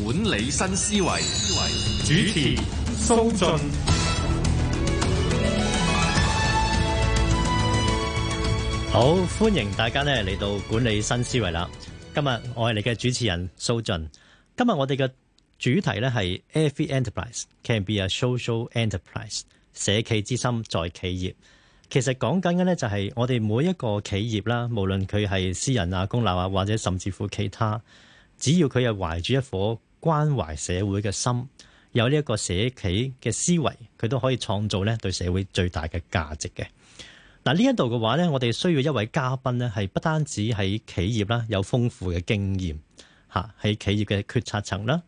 管理新思維，主持蘇俊。進好，歡迎大家咧嚟到管理新思維啦。今日我係你嘅主持人蘇俊。今日我哋嘅主題咧係 Every enterprise can be a social enterprise，社企之心在企業。其實講緊嘅咧就係我哋每一個企業啦，無論佢係私人啊、公立啊，或者甚至乎其他。只要佢係懷住一顆關懷社會嘅心，有呢一個社企嘅思維，佢都可以創造咧對社會最大嘅價值嘅。嗱呢一度嘅話咧，我哋需要一位嘉賓咧，係不單止喺企業啦有豐富嘅經驗吓，喺企業嘅決策層啦，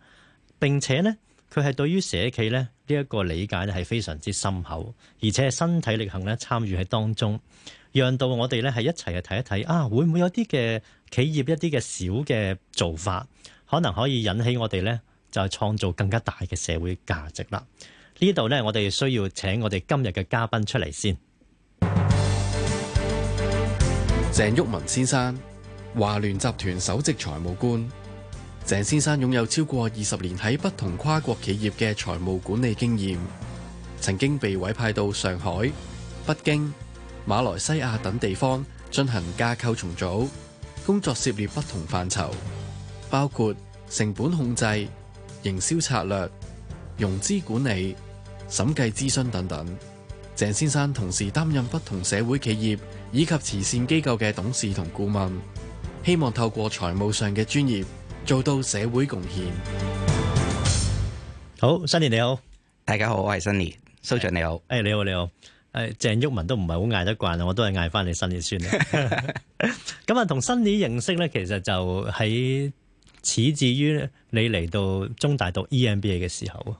並且咧佢係對於社企咧呢一個理解咧係非常之深厚，而且係身體力行咧參與喺當中。讓到我哋咧係一齊去睇一睇啊，會唔會有啲嘅企業一啲嘅小嘅做法，可能可以引起我哋呢就係創造更加大嘅社會價值啦。呢度呢，我哋需要請我哋今日嘅嘉賓出嚟先。鄭旭文先生，華聯集團首席財務官。鄭先生擁有超過二十年喺不同跨國企業嘅財務管理經驗，曾經被委派到上海、北京。馬來西亞等地方進行架構重組，工作涉獵不同範疇，包括成本控制、營銷策略、融資管理、審計諮詢等等。鄭先生同時擔任不同社會企業以及慈善機構嘅董事同顧問，希望透過財務上嘅專業做到社會貢獻。好，Sunny 你好，大家好，我係 Sunny 蘇俊你好，誒你好你好。你好誒，鄭旭文都唔係好嗌得慣啊，我都係嗌返你新宇先啦。咁啊，同新宇認識咧，其實就喺始至於你嚟到中大讀 EMBA 嘅時候啊。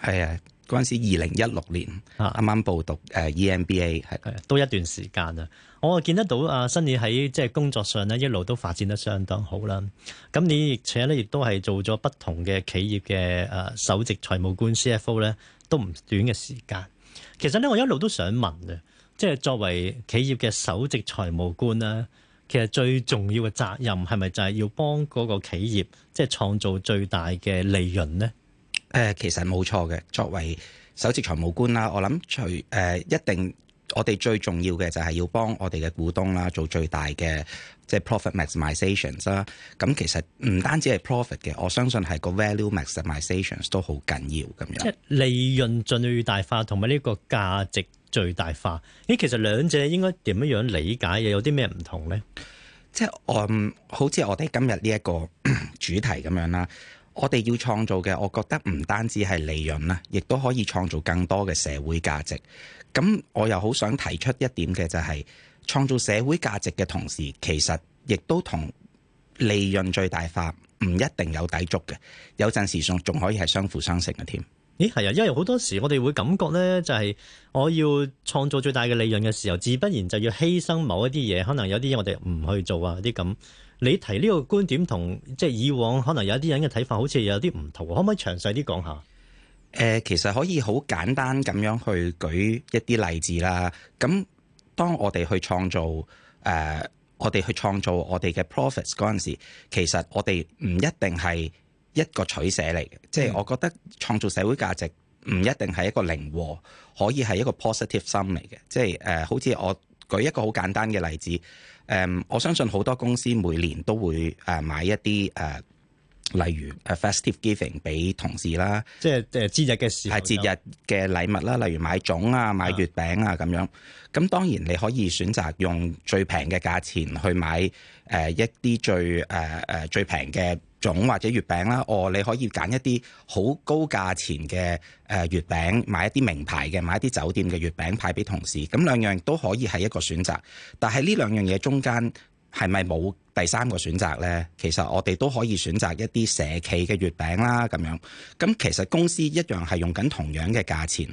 係啊，嗰陣時二零一六年，啱啱的報讀誒 EMBA 係都一段時間啊。我見得到啊，新宇喺即係工作上咧一路都發展得相當好啦。咁你而且咧，亦都係做咗不同嘅企業嘅誒首席財務官 CFO 咧，都唔短嘅時間。其實咧，我一路都想問嘅，即係作為企業嘅首席財務官啦，其實最重要嘅責任係咪就係要幫嗰個企業即係創造最大嘅利潤呢？誒、呃，其實冇錯嘅，作為首席財務官啦，我諗最誒一定，我哋最重要嘅就係要幫我哋嘅股東啦，做最大嘅。即係 profit m a x i m i z a t i o n s 啦，咁其實唔單止係 profit 嘅，我相信係個 value m a x i m i z a t i o n s 都好緊要咁樣。即係利潤最大化同埋呢個價值最大化，咦？其實兩者應該點樣樣理解又有啲咩唔同咧？即係我好似我哋今日呢一個 主題咁樣啦，我哋要創造嘅，我覺得唔單止係利潤啦，亦都可以創造更多嘅社會價值。咁我又好想提出一點嘅就係、是。創造社會價值嘅同時，其實亦都同利潤最大化唔一定有抵觸嘅。有陣時仲仲可以係相輔相成嘅添。咦，係啊，因為好多時我哋會感覺咧，就係我要創造最大嘅利潤嘅時候，自不然就要犧牲某一啲嘢，可能有啲嘢我哋唔去做啊啲咁。你提呢個觀點，同即係以往可能有啲人嘅睇法，好似有啲唔同，可唔可以詳細啲講下？誒、呃，其實可以好簡單咁樣去舉一啲例子啦。咁當我哋去創造誒，uh, 我哋去創造我哋嘅 profits 嗰陣時，其實我哋唔一定係一個取捨嚟嘅，嗯、即係我覺得創造社會價值唔一定係一個零和，可以係一個 positive sum 嚟嘅，即係誒，uh, 好似我舉一個好簡單嘅例子，誒、um, 我相信好多公司每年都會誒、uh, 買一啲誒。Uh, 例如誒 festive giving 俾同事啦，即係誒節日嘅時，係節日嘅禮物啦。例如買粽啊、買月餅啊咁樣，咁當然你可以選擇用最平嘅價錢去買誒、呃、一啲最誒誒、呃、最平嘅粽或者月餅啦。哦，你可以揀一啲好高價錢嘅誒月餅，買一啲名牌嘅，買一啲酒店嘅月餅派俾同事。咁兩樣都可以係一個選擇，但係呢兩樣嘢中間係咪冇？第三個選擇呢，其實我哋都可以選擇一啲社企嘅月餅啦，咁樣咁。其實公司一樣係用緊同樣嘅價錢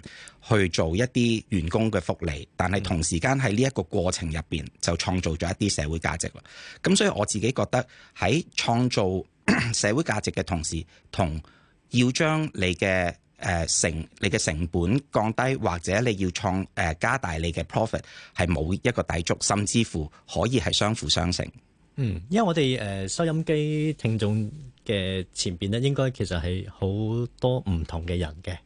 去做一啲員工嘅福利，但係同時間喺呢一個過程入邊就創造咗一啲社會價值啦。咁所以我自己覺得喺創造社會價值嘅同時，同要將你嘅誒、呃、成你嘅成本降低，或者你要創誒、呃、加大你嘅 profit 係冇一個抵觸，甚至乎可以係相輔相成。嗯，因為我哋誒收音機聽眾嘅前邊咧，應該其實係好多唔同嘅人嘅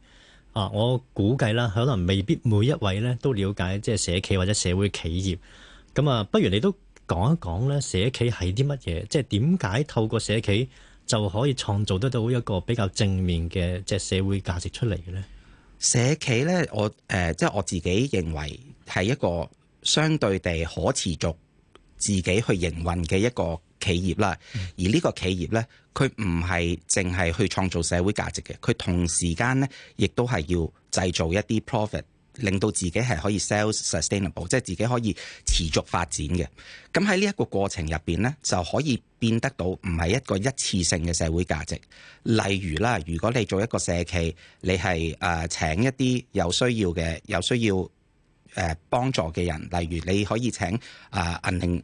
啊。我估計啦，可能未必每一位咧都了解即係社企或者社會企業。咁啊，不如你都講一講咧，社企係啲乜嘢？即係點解透過社企就可以創造得到一個比較正面嘅即係社會價值出嚟嘅咧？社企咧，我誒，即、呃、係、就是、我自己認為係一個相對地可持續。自己去營運嘅一個企業啦，而呢個企業呢，佢唔係淨係去創造社會價值嘅，佢同時間呢，亦都係要製造一啲 profit，令到自己係可以 self-sustainable，即係自己可以持續發展嘅。咁喺呢一個過程入邊呢，就可以變得到唔係一個一次性嘅社會價值。例如啦，如果你做一個社企，你係誒、呃、請一啲有需要嘅有需要。誒幫助嘅人，例如你可以請啊銀銀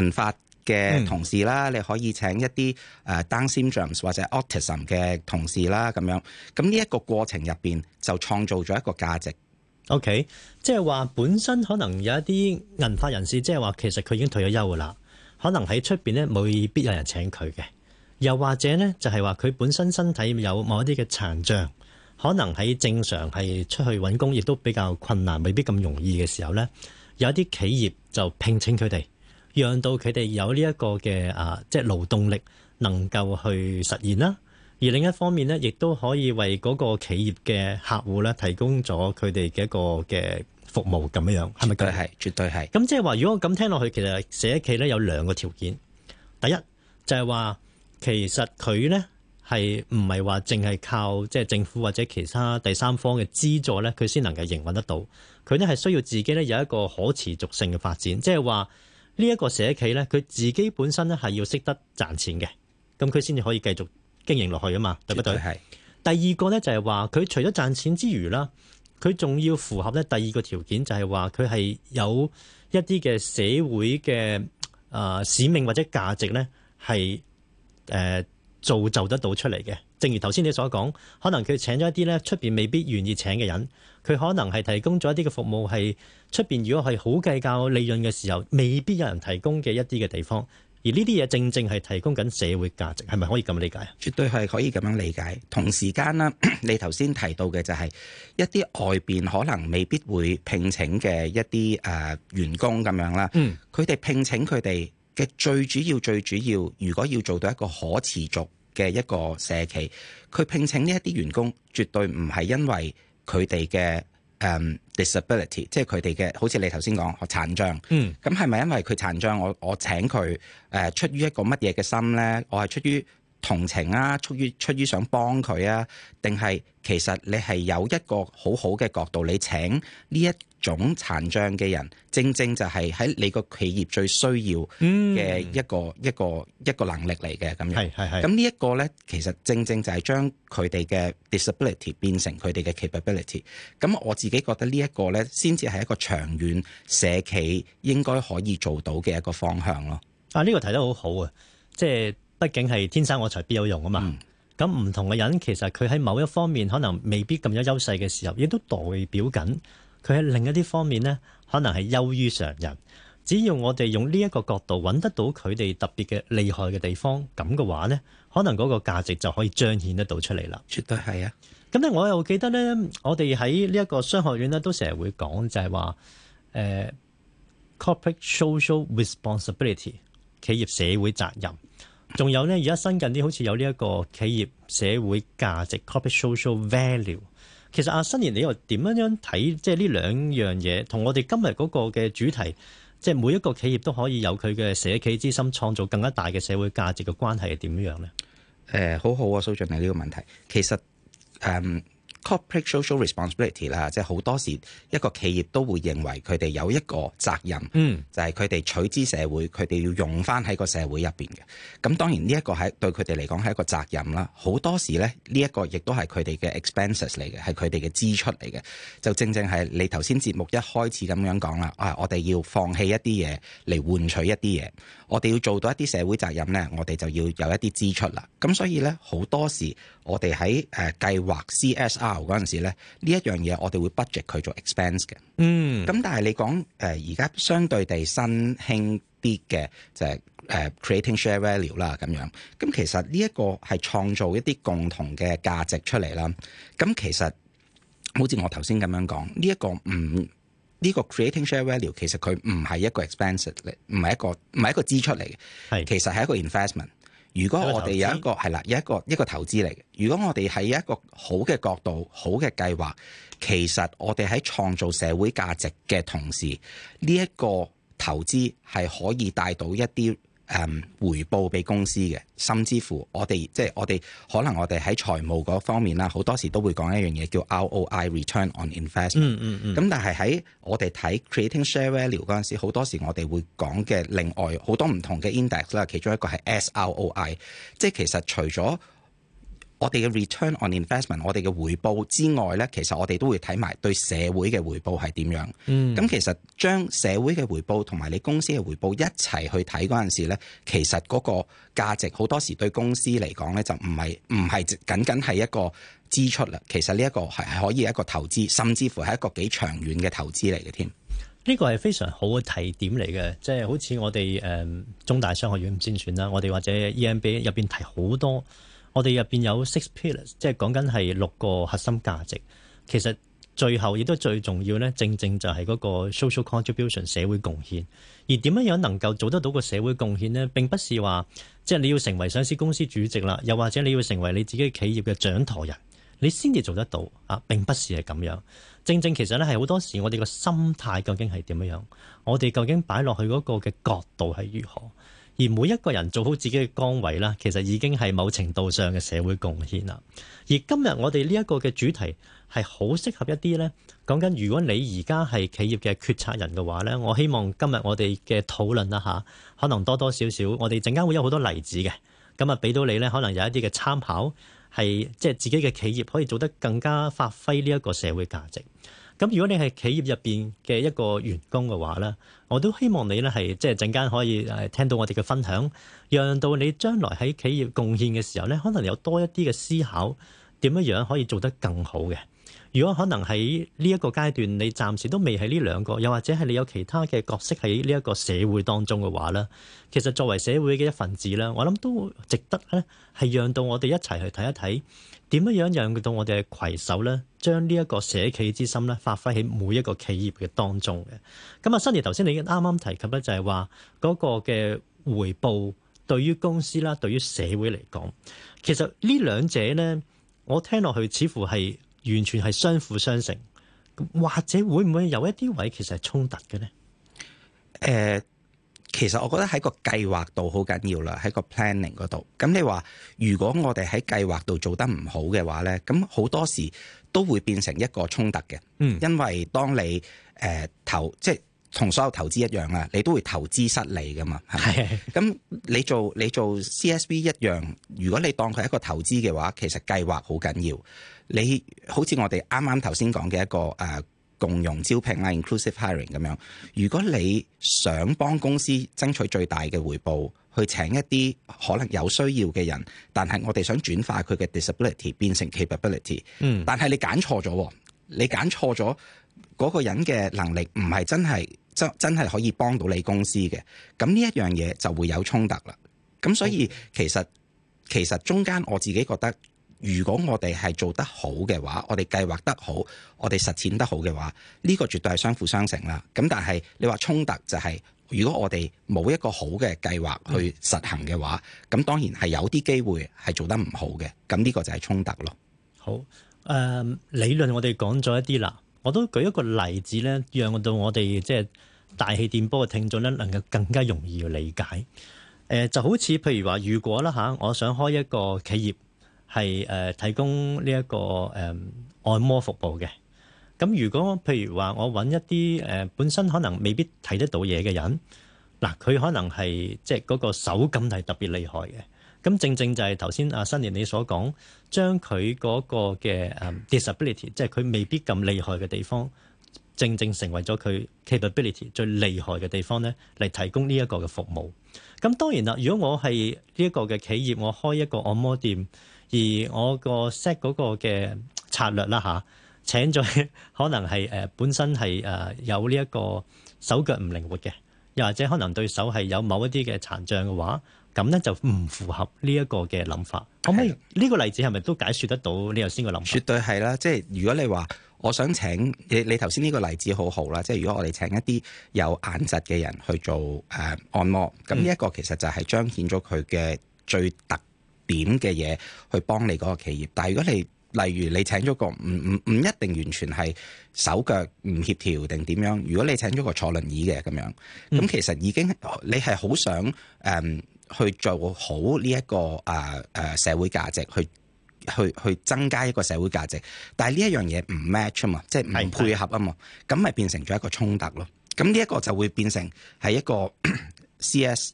銀髮嘅同事啦，嗯，你可以請一啲誒 Down syndrome 或者 Autism 嘅同事啦，咁樣咁呢一個過程入邊就創造咗一個價值。OK，即係話本身可能有一啲銀髮人士，即係話其實佢已經退咗休㗎啦，可能喺出邊咧未必有人請佢嘅，又或者咧就係話佢本身身體有某一啲嘅殘障。可能喺正常係出去揾工，亦都比較困難，未必咁容易嘅時候咧，有啲企業就聘請佢哋，讓到佢哋有呢一個嘅啊，即係勞動力能夠去實現啦。而另一方面咧，亦都可以為嗰個企業嘅客戶咧提供咗佢哋嘅一個嘅服務咁樣樣，係咪？佢係絕對係。咁即係話，如果我咁聽落去，其實社企咧有兩個條件，第一就係話其實佢咧。係唔係話淨係靠即係政府或者其他第三方嘅資助咧，佢先能夠營運得到？佢咧係需要自己咧有一個可持續性嘅發展，即係話呢一個社企咧，佢自己本身咧係要識得賺錢嘅，咁佢先至可以繼續經營落去啊嘛，對唔對？係。第二個咧就係話佢除咗賺錢之餘啦，佢仲要符合咧第二個條件就，就係話佢係有一啲嘅社會嘅啊、呃、使命或者價值咧係誒。呃造就得到出嚟嘅，正如頭先你所講，可能佢請咗一啲咧出邊未必願意請嘅人，佢可能係提供咗一啲嘅服務，係出邊如果係好計較利潤嘅時候，未必有人提供嘅一啲嘅地方，而呢啲嘢正正係提供緊社會價值，係咪可以咁理解啊？絕對係可以咁樣理解，同時間啦，你頭先提到嘅就係、是、一啲外邊可能未必會聘請嘅一啲誒員工咁樣啦，嗯、呃，佢、呃、哋、呃、聘請佢哋。最主要最主要，如果要做到一個可持續嘅一個社企，佢聘請呢一啲員工，絕對唔係因為佢哋嘅誒 disability，即係佢哋嘅，好似你頭先講，講殘障。嗯，咁係咪因為佢殘障，我我請佢誒、呃，出於一個乜嘢嘅心咧？我係出於。同情啊，出於出於想幫佢啊，定係其實你係有一個好好嘅角度，你請呢一種殘障嘅人，正正就係喺你個企業最需要嘅一個、嗯、一個一個、一個能力嚟嘅咁樣。係係係。咁呢一個咧，其實正正就係將佢哋嘅 disability 變成佢哋嘅 capability。咁我自己覺得呢一個咧，先至係一個長遠社企應該可以做到嘅一個方向咯。啊，呢、呢個提得好好啊，即係。畢竟係天生我材必有用啊嘛。咁唔、嗯、同嘅人，其實佢喺某一方面可能未必咁有優勢嘅時候，亦都代表緊佢喺另一啲方面呢，可能係優於常人。只要我哋用呢一個角度揾得到佢哋特別嘅厲害嘅地方，咁嘅話呢，可能嗰個價值就可以彰顯得到出嚟啦。絕對係啊！咁咧，我又記得呢，我哋喺呢一個商學院呢，都、呃、成日會講就係話誒，Corporate Social Responsibility 企業社會責任。仲有呢，而家新近啲好似有呢一個企業社會價值 c o p o r a t Social Value）。其實阿、啊、新賢，你又點樣樣睇？即係呢兩樣嘢同我哋今日嗰個嘅主題，即、就、係、是、每一個企業都可以有佢嘅社企之心，創造更加大嘅社會價值嘅關係係點樣樣咧？誒、呃，好好啊，蘇俊毅呢、這個問題，其實誒。嗯 Corporate social responsibility 啦，即係好多時一個企業都會認為佢哋有一個責任，嗯，就係佢哋取之社會，佢哋要用翻喺個社會入邊嘅。咁當然呢一個係對佢哋嚟講係一個責任啦。好多時咧，呢一個亦都係佢哋嘅 expenses 嚟嘅，係佢哋嘅支出嚟嘅。就正正係你頭先節目一開始咁樣講啦，啊，我哋要放棄一啲嘢嚟換取一啲嘢，我哋要做到一啲社會責任咧，我哋就要有一啲支出啦。咁所以咧，好多時我哋喺誒計劃 CSR。嗰陣時咧，呢一樣嘢我哋會 budget 佢做 expense 嘅。嗯，咁但係你講誒而家相對地新興啲嘅就係、是、誒、呃、creating share value 啦咁樣。咁、嗯、其實呢一個係創造一啲共同嘅價值出嚟啦。咁、嗯、其實好似我頭先咁樣講，呢、這、一個唔呢、這個 creating share value 其實佢唔係一個 expense 嚟，唔係一個唔係一個支出嚟嘅。係是，其實係一個 investment。如果我哋有一個係啦，有一個一個投資嚟嘅。如果我哋係一個好嘅角度、好嘅計劃，其實我哋喺創造社會價值嘅同時，呢一個投資係可以帶到一啲。誒、um, 回報俾公司嘅，甚至乎我哋即係我哋可能我哋喺財務嗰方面啦，好多時都會講一樣嘢叫 ROI Return on Investment 嗯。嗯嗯嗯。咁但係喺我哋睇 Creating Share Value 嗰陣時，好多時我哋會講嘅另外好多唔同嘅 index 啦，其中一個係 SROI，即係其實除咗。我哋嘅 return on investment，我哋嘅回報之外咧，其實我哋都會睇埋對社會嘅回報係點樣。咁、嗯、其實將社會嘅回報同埋你公司嘅回報一齊去睇嗰陣時咧，其實嗰個價值好多時對公司嚟講咧，就唔係唔係僅僅係一個支出啦。其實呢一個係係可以一個投資，甚至乎係一個幾長遠嘅投資嚟嘅添。呢個係非常好嘅提點嚟嘅，即係好似我哋誒、嗯、中大商學院唔先算啦。我哋或者 EMBA 入邊提好多。我哋入邊有 six pillars，即係講緊係六個核心價值。其實最後亦都最重要咧，正正就係嗰個 social contribution 社會貢獻。而點樣樣能夠做得到個社會貢獻呢？並不是話即係你要成為上市公司主席啦，又或者你要成為你自己企業嘅掌舵人，你先至做得到啊！並不是係咁樣。正正其實咧，係好多時我哋個心態究竟係點樣樣？我哋究竟擺落去嗰個嘅角度係如何？而每一個人做好自己嘅崗位啦，其實已經係某程度上嘅社會貢獻啦。而今日我哋呢一個嘅主題係好適合一啲呢。講緊如果你而家係企業嘅決策人嘅話呢，我希望今日我哋嘅討論一下，可能多多少少我哋陣間會有好多例子嘅，咁啊俾到你呢，可能有一啲嘅參考係即係自己嘅企業可以做得更加發揮呢一個社會價值。咁如果你係企業入邊嘅一個員工嘅話咧，我都希望你咧係即係陣間可以誒聽到我哋嘅分享，讓到你將來喺企業貢獻嘅時候咧，可能有多一啲嘅思考，點樣樣可以做得更好嘅。如果可能喺呢一個階段，你暫時都未喺呢兩個，又或者係你有其他嘅角色喺呢一個社會當中嘅話咧，其實作為社會嘅一份子咧，我諗都值得咧，係讓到我哋一齊去睇一睇。點樣樣讓到我哋嘅攜手咧，將呢一個社企之心咧，發揮喺每一個企業嘅當中嘅。咁啊新，你頭先你啱啱提及咧，就係話嗰個嘅回報對於公司啦，對於社會嚟講，其實兩呢兩者咧，我聽落去似乎係完全係相輔相成，或者會唔會有一啲位其實係衝突嘅咧？誒、呃。其實我覺得喺個計劃度好緊要啦，喺個 planning 嗰度。咁你話如果我哋喺計劃度做得唔好嘅話咧，咁好多時都會變成一個衝突嘅。嗯，因為當你誒、呃、投即係同所有投資一樣啊，你都會投資失利㗎嘛。係。咁 你做你做 CSV 一樣，如果你當佢一個投資嘅話，其實計劃好緊要。你好似我哋啱啱頭先講嘅一個誒。呃共融招聘啦，inclusive hiring，咁樣如果你想幫公司爭取最大嘅回報，去請一啲可能有需要嘅人，但係我哋想轉化佢嘅 disability 變成 capability。嗯。但係你揀錯咗，你揀錯咗嗰個人嘅能力唔係真係真真係可以幫到你公司嘅。咁呢一樣嘢就會有衝突啦。咁所以其實、哦、其實中間我自己覺得。如果我哋係做得好嘅話，我哋計劃得好，我哋實踐得好嘅話，呢個絕對係相輔相成啦。咁但係你話衝突就係，如果我哋冇一個好嘅計劃去實行嘅話，咁、嗯、當然係有啲機會係做得唔好嘅。咁呢個就係衝突咯。好誒，理論我哋講咗一啲啦，我都舉一個例子呢，讓到我哋即係大氣電波嘅聽眾呢，能夠更加容易去理解。誒就好似譬如話，如果啦嚇，我想開一個企業。係誒、呃、提供呢、這、一個誒、呃、按摩服務嘅。咁如果譬如話我揾一啲誒、呃、本身可能未必睇得到嘢嘅人，嗱佢可能係即係嗰個手感係特別厲害嘅。咁正正就係頭先阿 Sunny 你所講，將佢嗰個嘅 disability，即係佢未必咁厲害嘅地方，正正成為咗佢 capability 最厲害嘅地方咧，嚟提供呢一個嘅服務。咁當然啦，如果我係呢一個嘅企業，我開一個按摩店。而我個 set 嗰個嘅策略啦，吓，請咗可能係誒、呃、本身係誒有呢一個手腳唔靈活嘅，又或者可能對手係有某一啲嘅殘障嘅話，咁咧就唔符合呢一個嘅諗法。可唔可以呢個例子係咪都解説得到你頭先嘅諗法？絕對係啦，即係如果你話我想請你，你頭先呢個例子好好啦，即係如果我哋請一啲有眼疾嘅人去做誒、呃、按摩，咁呢一個其實就係彰顯咗佢嘅最特。點嘅嘢去幫你嗰個企業，但係如果你例如你請咗個唔唔唔一定完全係手腳唔協調定點樣，如果你請咗個坐輪椅嘅咁樣，咁其實已經你係好想誒、嗯、去做好呢、這、一個誒誒、啊啊、社會價值，去去去增加一個社會價值，但係呢一樣嘢唔 match 啊嘛，即係唔配合啊嘛，咁咪的變成咗一個衝突咯。咁呢一個就會變成係一個 CS。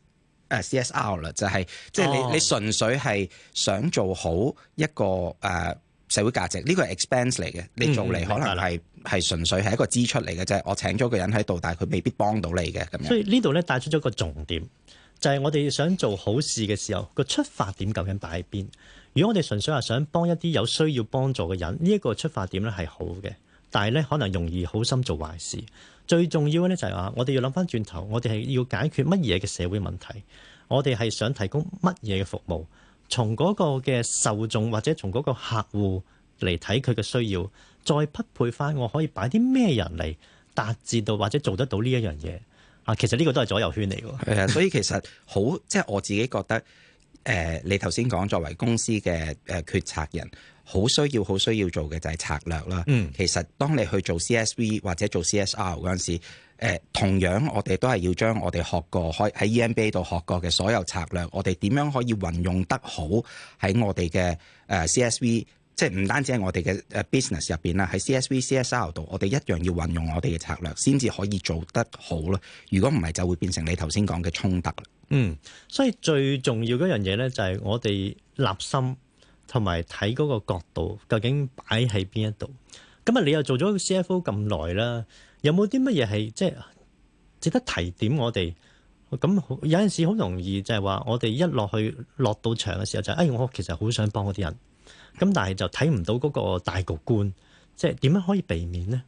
誒 CSR 啦、就是，就係即係你、哦、你純粹係想做好一個誒、啊、社會價值，呢、這個係 expense 嚟嘅。嗯、你做嚟可能係係的純粹係一個支出嚟嘅啫。就是、我請咗個人喺度，但係佢未必幫到你嘅咁樣，所以呢度咧帶出咗一個重點，就係、是、我哋想做好事嘅時候，個出發點究竟擺喺邊？如果我哋純粹係想幫一啲有需要幫助嘅人，呢、這、一個出發點咧係好嘅。但係咧，可能容易好心做壞事。最重要嘅咧，就係話我哋要諗翻轉頭，我哋係要解決乜嘢嘅社會問題？我哋係想提供乜嘢嘅服務？從嗰個嘅受眾或者從嗰個客戶嚟睇佢嘅需要，再匹配翻我可以擺啲咩人嚟達至到或者做得到呢一樣嘢？啊，其實呢個都係左右圈嚟㗎。係啊，所以其實好即係我自己覺得，誒、呃，你頭先講作為公司嘅誒決策人。好需要、好需要做嘅就係策略啦。嗯、其實，當你去做 CSV 或者做 CSR 嗰陣時，同樣我哋都係要將我哋學過、開喺 EMBA 度學過嘅所有策略，我哋點樣可以運用得好喺我哋嘅誒 CSV，即係唔單止喺我哋嘅誒 business 入邊啦，喺 CSV、CSR 度，我哋一樣要運用我哋嘅策略，先至可以做得好咯。如果唔係，就會變成你頭先講嘅衝突。嗯，所以最重要嗰樣嘢咧，就係我哋立心。同埋睇嗰個角度，究竟擺喺邊一度？咁啊，你又做咗 CFO 咁耐啦，有冇啲乜嘢係即係值得提點我哋？咁有陣時好容易就係話，我哋一落去落到場嘅時候就誒，我其實好想幫嗰啲人，咁但係就睇唔到嗰個大局觀，即係點樣可以避免呢？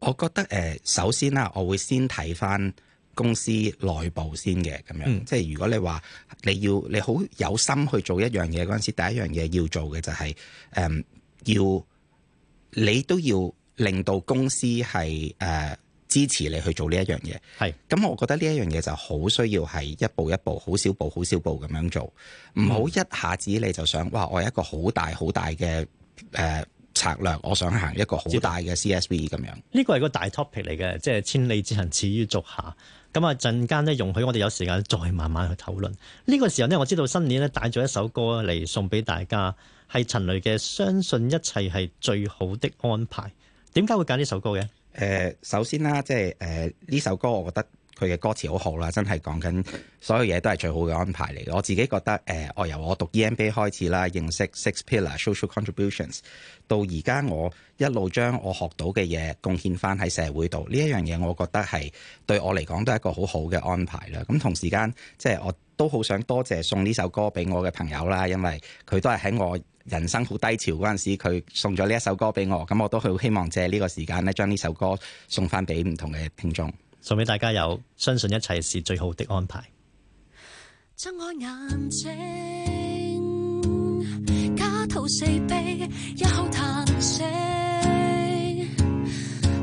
我覺得誒，首先啦，我會先睇返。公司內部先嘅咁樣，嗯、即係如果你話你要你好有心去做一樣嘢嗰陣時，第一樣嘢要做嘅就係、是、誒、嗯、要你都要令到公司係誒、呃、支持你去做呢一樣嘢。係咁是，我覺得呢一樣嘢就好需要係一步一步，好小步好小步咁樣做，唔好一下子你就想、嗯、哇！我有一個好大好大嘅誒、呃、策略，我想行一個好大嘅 CSV 咁樣。呢個係個大 topic 嚟嘅，即、就、係、是、千里之行，始於足下。咁啊，陣間咧容許我哋有時間再慢慢去討論。呢、這個時候呢，我知道新年咧帶咗一首歌嚟送俾大家，係陳雷嘅《相信一切係最好的安排》。點解會揀呢首歌嘅？誒、呃，首先啦，即係誒呢首歌，我覺得。佢嘅歌詞好好啦，真係講緊所有嘢都係最好嘅安排嚟。我自己覺得，誒、呃，我由我讀 EMBA 開始啦，認識 Six Pillar Social Contributions，到而家我一路將我學到嘅嘢貢獻翻喺社會度。呢一樣嘢，我覺得係對我嚟講都係一個好好嘅安排啦。咁同時間，即係我都好想多謝送呢首歌俾我嘅朋友啦，因為佢都係喺我人生好低潮嗰陣時，佢送咗呢一首歌俾我。咁我都好希望借呢個時間咧，將呢首歌送翻俾唔同嘅聽眾。送俾大家有，相信一切是最好的安排。睜開眼睛，家徒四壁，一口嘆息，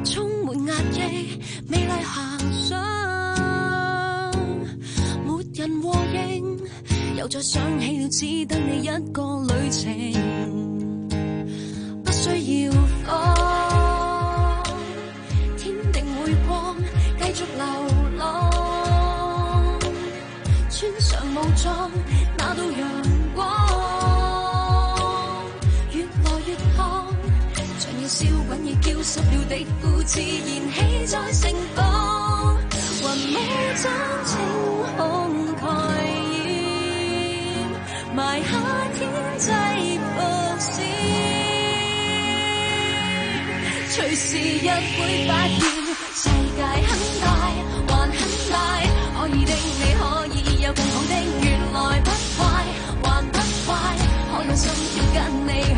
充滿壓抑，美麗遐想，沒人和應，又再想起了，只得你一個旅程，不需要放。武裝那道陽光，越來越燙，像要燒滾，已叫濕了的褲，似燃起在盛放。雲霧將，晴空蓋掩，埋下天際伏線，隨時一會發現。世界很大，還很大，可以令你。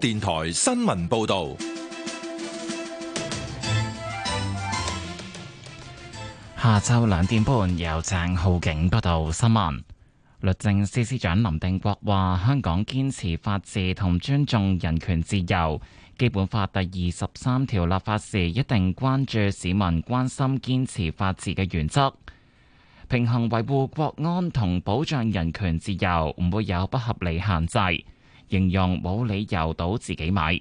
電台新聞報道，下晝兩點半由鄭浩景報道新聞。律政司司長林定國話，香港堅持法治同尊重人權自由，《基本法》第二十三條立法時一定關注市民關心、堅持法治嘅原則，平衡維護國安同保障人權自由，唔會有不合理限制。形容冇理由到自己買。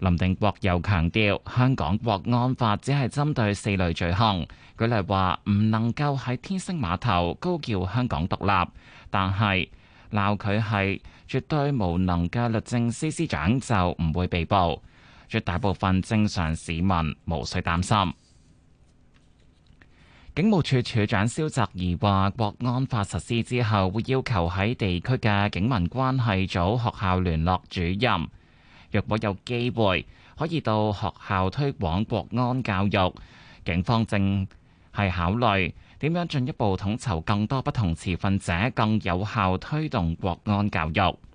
林定國又強調，香港國安法只係針對四類罪行，舉例話唔能夠喺天星碼頭高叫香港獨立，但係鬧佢係絕對無能嘅律政司司長就唔會被捕。絕大部分正常市民無需擔心。警務處處長蕭澤頤話：國安法實施之後，會要求喺地區嘅警民關係組、學校聯絡主任，若果有機會，可以到學校推廣國安教育。警方正係考慮點樣進一步統籌更多不同持份者，更有效推動國安教育。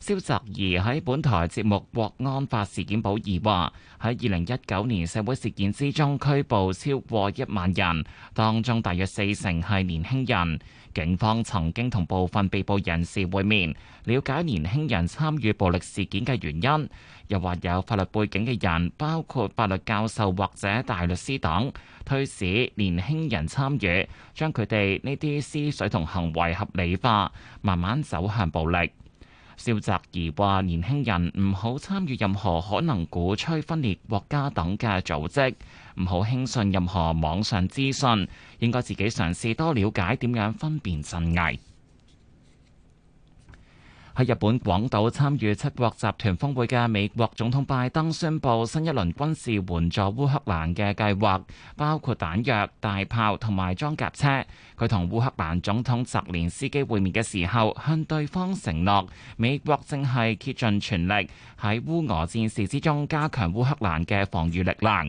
蕭澤頤喺本台節目《國安法事件簿二》話：喺二零一九年社會事件之中，拘捕超過一萬人，當中大約四成係年輕人。警方曾經同部分被捕人士會面，了解年輕人參與暴力事件嘅原因。又話有法律背景嘅人，包括法律教授或者大律師等，推使年輕人參與，將佢哋呢啲思緒同行為合理化，慢慢走向暴力。蕭澤頤話：年輕人唔好參與任何可能鼓吹分裂國家等嘅組織，唔好輕信任何網上資訊，應該自己嘗試多了解點樣分辨真偽。喺日本廣島參與七國集團峰會嘅美國總統拜登宣布新一輪軍事援助烏克蘭嘅計劃，包括彈藥、大炮同埋裝甲車。佢同烏克蘭總統澤連斯基會面嘅時候，向對方承諾美國正係竭盡全力喺烏俄戰事之中加強烏克蘭嘅防禦力量。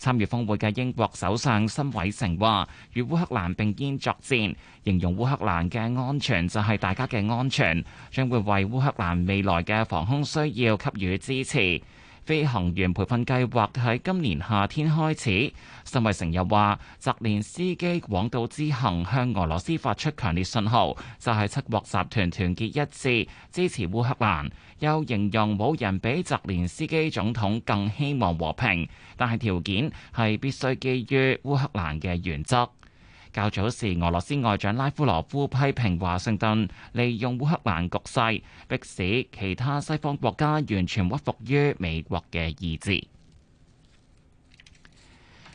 參與峰會嘅英國首相辛偉誠話：與烏克蘭並肩作戰，形容烏克蘭嘅安全就係大家嘅安全，將會為烏克蘭未來嘅防空需要給予支持。飛行員培訓計劃喺今年夏天開始。辛偉誠又話：澤連斯基廣島之行向俄羅斯發出強烈信號，就係、是、七國集團團結一致支持烏克蘭。又形容冇人比澤連斯基總統更希望和平，但係條件係必須基於烏克蘭嘅原則。較早時，俄羅斯外長拉夫羅夫批評華盛頓利用烏克蘭局勢，迫使其他西方國家完全屈服於美國嘅意志。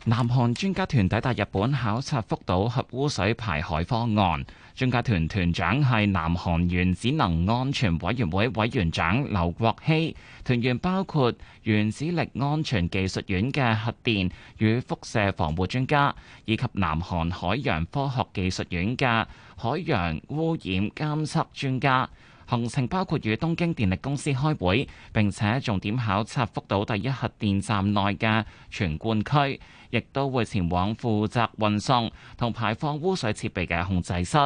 南韓專家團抵達日本考察福島核污水排海方案。專家團團長係南韓原子能安全委員會委員長劉國熙，團員包括原子力安全技術院嘅核電與輻射防護專家，以及南韓海洋科學技術院嘅海洋污染監測專家。行程包括與東京電力公司開會，並且重點考察福島第一核電站內嘅全罐區，亦都會前往負責運送同排放污水設備嘅控制室。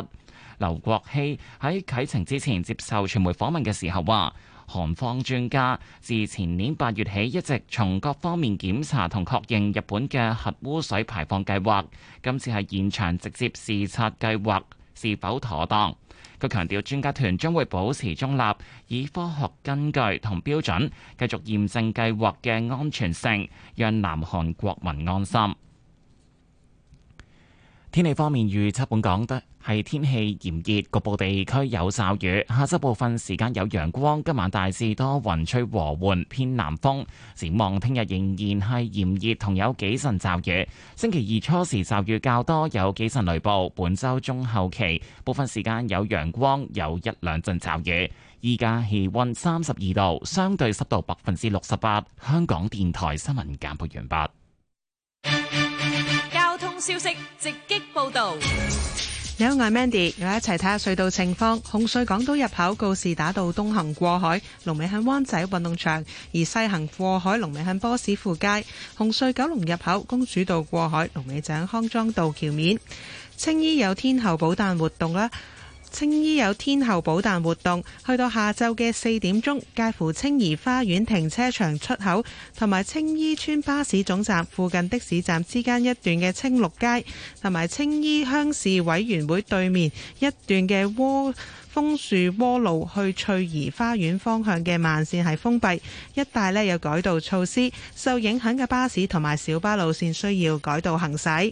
劉國希喺啟程之前接受傳媒訪問嘅時候話：韓方專家自前年八月起一直從各方面檢查同確認日本嘅核污水排放計劃，今次係現場直接視察計劃是否妥當。佢強調，專家團將會保持中立，以科學根據同標準繼續驗證計劃嘅安全性，讓南韓國民安心。天氣方面，預測本港得係天氣炎熱，局部地區有驟雨。下周部分時間有陽光，今晚大致多雲，雲吹和緩偏南風。展望聽日仍然係炎熱，同有幾陣驟雨。星期二初時驟雨較多，有幾陣雷暴。本周中後期部分時間有陽光，有一兩陣驟雨。依家氣溫三十二度，相對濕度百分之六十八。香港電台新聞簡報完畢。交通消息直擊報道。你好，我係 Mandy，我哋一齊睇下隧道情況。紅隧港島入口告士打道東行過海，龍尾向灣仔運動場；而西行過海龍尾向波斯富街。紅隧九龍入口公主道過海，龍尾就喺康莊道，道橋面。青衣有天后寶誕活動啦。青衣有天后寶誕活動，去到下晝嘅四點鐘，介乎青怡花園停車場出口同埋青衣村巴士總站附近的士站之間一段嘅青綠街，同埋青衣鄉事委員會對面一段嘅窩楓樹窩路去翠怡花園方向嘅慢線係封閉，一帶咧有改道措施，受影響嘅巴士同埋小巴路線需要改道行駛。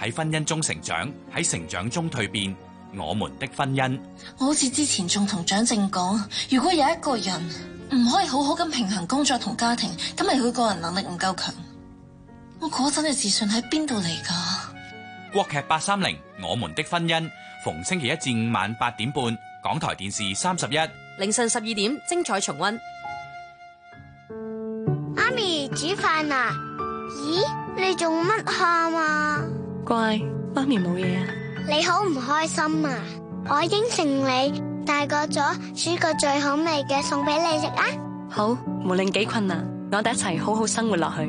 喺婚姻中成長，喺成長中蛻變。我們的婚姻，我好似之前仲同蔣靜講，如果有一個人唔可以好好咁平衡工作同家庭，咁係佢個人能力唔夠強。我嗰陣嘅自信喺邊度嚟噶？國劇八三零，《我們的婚姻》，逢星期一至五晚八點半，港台電視三十一，凌晨十二點精彩重温。媽咪煮飯啦？咦，你做乜喊呀？乖，媽咪冇嘢啊！你好唔開心啊！我應承你，大個咗，煮個最好味嘅餸俾你食啊！好，無論幾困難，我哋一齊好好生活落去。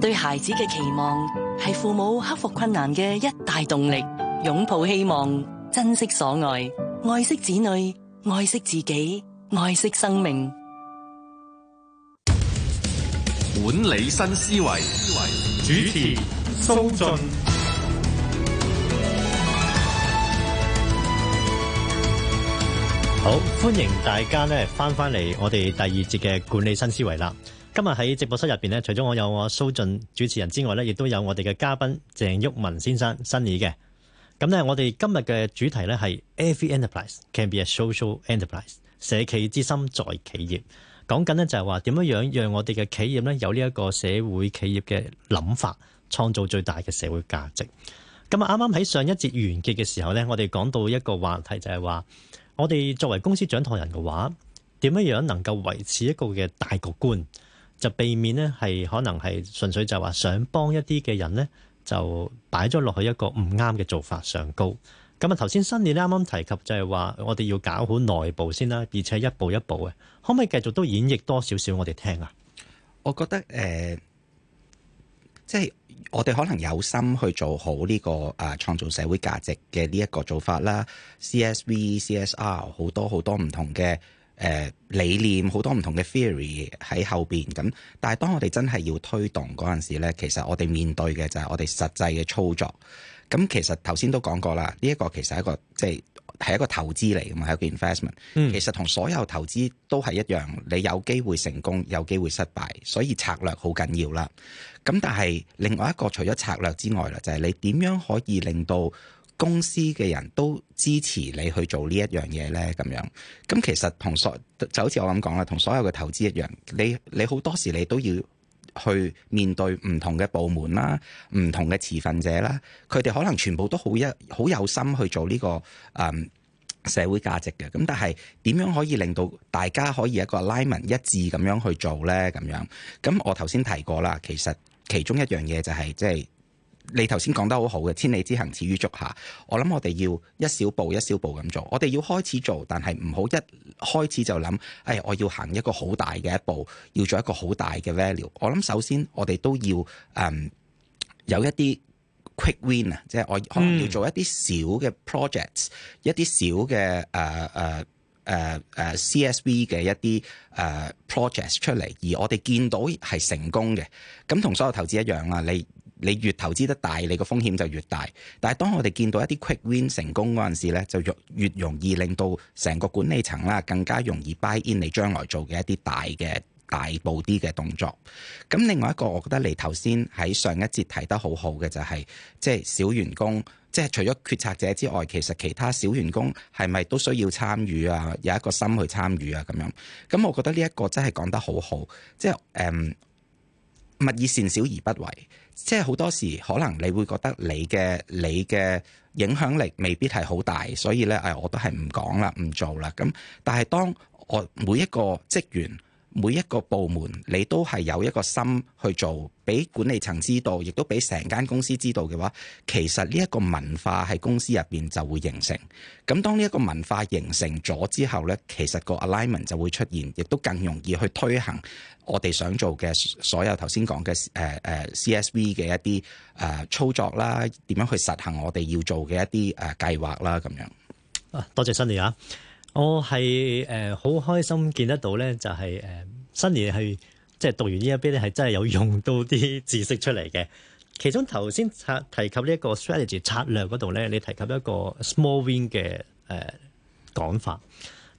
對孩子嘅期望係父母克服困難嘅一大動力，擁抱希望，珍惜所愛，愛惜子女，愛惜自己，愛惜生命。管理新思維，思維主持蘇俊。好，歡迎大家咧返返嚟我哋第二節嘅管理新思維啦。今日喺直播室入邊咧，除咗我有我蘇俊主持人之外咧，亦都有我哋嘅嘉賓鄭旭文先生新意嘅。咁咧，我哋今日嘅主題咧係 Every Enterprise Can Be a Social Enterprise，社企之心在企業，講緊呢就係話點樣樣讓我哋嘅企業呢有呢一個社會企業嘅諗法，創造最大嘅社會價值。咁啊，啱啱喺上一節完結嘅時候呢，我哋講到一個話題就係話。我哋作為公司掌舵人嘅話，點樣樣能夠維持一個嘅大局觀，就避免呢係可能係純粹就係話想幫一啲嘅人呢，就擺咗落去一個唔啱嘅做法上高。咁啊，頭先 Sunny 呢啱啱提及就係話，我哋要搞好內部先啦，而且一步一步嘅，可唔可以繼續都演繹多少少我哋聽啊？我覺得誒、呃，即係。我哋可能有心去做好呢、呢個誒、啊、創造社會價值嘅呢一個做法啦，CSV、CSR CS 好多好多唔同嘅誒、呃、理念，好多唔同嘅 theory 喺後邊。咁，但係當我哋真係要推動嗰陣時咧，其實我哋面對嘅就係我哋實際嘅操作。咁其實頭先都講過啦，呢、呢、一個其實係一個即係。就是係一個投資嚟噶嘛，係一個 investment。其實同所有投資都係一樣，你有機會成功，有機會失敗，所以策略好緊要啦。咁但係另外一個除咗策略之外咧，就係、是、你點樣可以令到公司嘅人都支持你去做呢一樣嘢呢？咁樣咁其實同所就好似我咁講啦，同所有嘅投資一樣，你你好多時你都要。去面對唔同嘅部門啦，唔同嘅持份者啦，佢哋可能全部都好一好有心去做呢、這個誒、嗯、社會價值嘅。咁但係點樣可以令到大家可以一個 alignment 一致咁樣去做呢？咁樣咁我頭先提過啦，其實其中一樣嘢就係即係。就是你頭先講得好好嘅，千里之行始於足下。我諗我哋要一小步一小步咁做，我哋要開始做，但係唔好一開始就諗，誒、哎、我要行一個好大嘅一步，要做一個好大嘅 value。我諗首先我哋都要誒、嗯、有一啲 quick win 啊，即係我可能要做一啲小嘅 projects、嗯、一啲小嘅誒誒誒誒 CSV 嘅一啲誒、呃、projects 出嚟，而我哋見到係成功嘅。咁同所有投資一樣啦，你。你越投資得大，你個風險就越大。但係，當我哋見到一啲 quick win 成功嗰陣時咧，就越越容易令到成個管理層啦，更加容易 buy in 你將來做嘅一啲大嘅大步啲嘅動作。咁另外一個，我覺得你頭先喺上一節提得好好嘅就係即係小員工，即係除咗決策者之外，其實其他小員工係咪都需要參與啊？有一個心去參與啊？咁樣咁，我覺得呢一個真係講得好好，即係誒，勿以善小而不為。即係好多時，可能你會覺得你嘅你嘅影響力未必係好大，所以咧誒，我都係唔講啦，唔做啦。咁但係當我每一個職員，每一個部門，你都係有一個心去做，俾管理層知道，亦都俾成間公司知道嘅話，其實呢一個文化喺公司入邊就會形成。咁當呢一個文化形成咗之後呢，其實個 alignment 就會出現，亦都更容易去推行我哋想做嘅所有頭先講嘅誒誒 CSV 嘅一啲誒操作啦，點樣去實行我哋要做嘅一啲誒計劃啦，咁樣。啊，多謝 Sunny 啊！我係誒好開心見得到咧，就係、是、誒、呃、新年係即係讀完呢一邊咧，係真係有用到啲知識出嚟嘅。其中頭先策提及呢一個 strategy 策略嗰度咧，你提及一個 small win 嘅誒講、呃、法。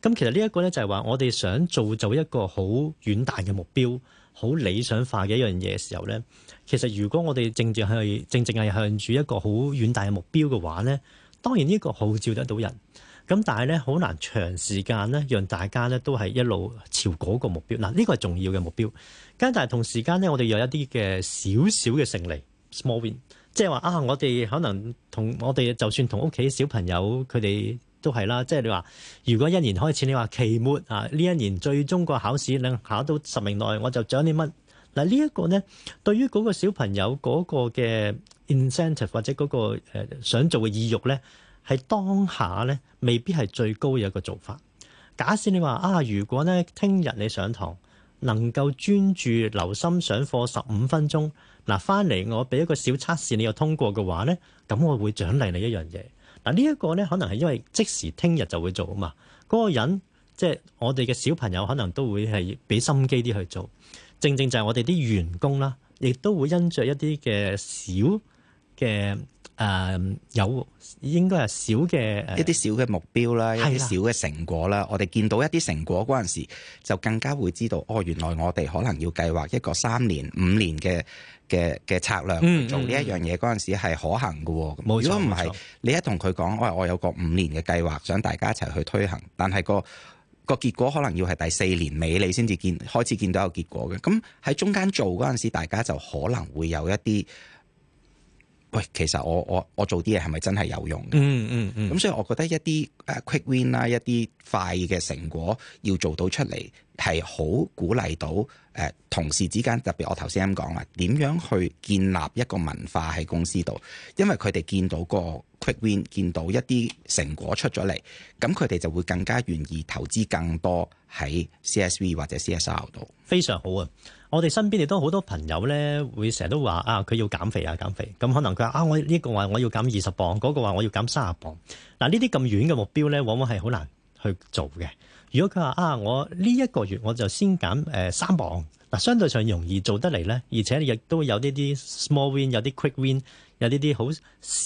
咁其實呢、就是、造造一個咧就係話，我哋想造就一個好遠大嘅目標，好理想化嘅一樣嘢嘅時候咧，其實如果我哋正正係正正係向住一個好遠大嘅目標嘅話咧，當然呢個號召得到人。咁但係咧，好難長時間咧，讓大家咧都係一路朝嗰個目標。嗱，呢個係重要嘅目標。跟住，但係同時間咧，我哋有一啲嘅少少嘅勝利，small win，即係話啊，我哋可能同我哋就算同屋企小朋友佢哋都係啦。即係你話，如果一年開始，你話期末啊呢一年最終個考試，你考到十名內，我就獎啲乜？嗱、啊，呢個、呢一個咧，對於嗰個小朋友嗰個嘅 incentive 或者嗰、嗰個、呃、想做嘅意欲咧。係當下咧，未必係最高嘅一個做法。假設你話啊，如果咧聽日你上堂能夠專注留心上課十五分鐘，嗱，翻嚟我俾一個小測試，你又通過嘅話咧，咁我會獎勵你一樣嘢。嗱，呢一個咧，可能係因為即時聽日就會做啊嘛。嗰個人即係我哋嘅小朋友，可能都會係俾心機啲去做。正正就係我哋啲員工啦，亦都會因着一啲嘅小嘅。誒、嗯，有應該係少嘅一啲小嘅目標啦，一啲小嘅成果啦。的我哋見到一啲成果嗰陣時，就更加會知道，哦，原來我哋可能要計劃一個三年、五年嘅嘅嘅策略，做，嗯嗯、做呢一樣嘢嗰陣時係可行嘅。如果唔係，嗯、錯你一同佢講，我、哎、我有個五年嘅計劃，想大家一齊去推行，但係個個結果可能要係第四年尾你先至見開始見到有結果嘅。咁喺中間做嗰陣時，大家就可能會有一啲。喂，其實我我我做啲嘢係咪真係有用嘅、嗯？嗯嗯嗯。咁所以我覺得一啲誒 quick win 啦，一啲快嘅成果要做到出嚟，係好鼓勵到誒、呃、同事之間。特別我頭先啱講啦，點樣去建立一個文化喺公司度，因為佢哋見到個 quick win，見到一啲成果出咗嚟，咁佢哋就會更加願意投資更多喺 CSV 或者 CSR 度。非常好啊！我哋身邊亦都好多朋友咧，會成日都話啊，佢要減肥啊，減肥。咁可能佢話啊，我呢個話我要減二十磅，嗰、那個話我要減卅磅。嗱、啊，呢啲咁遠嘅目標咧，往往係好難去做嘅。如果佢話啊，我呢一個月我就先減誒、呃、三磅，嗱、啊，相對上容易做得嚟咧，而且亦都有呢啲 small win，有啲 quick win，有呢啲好少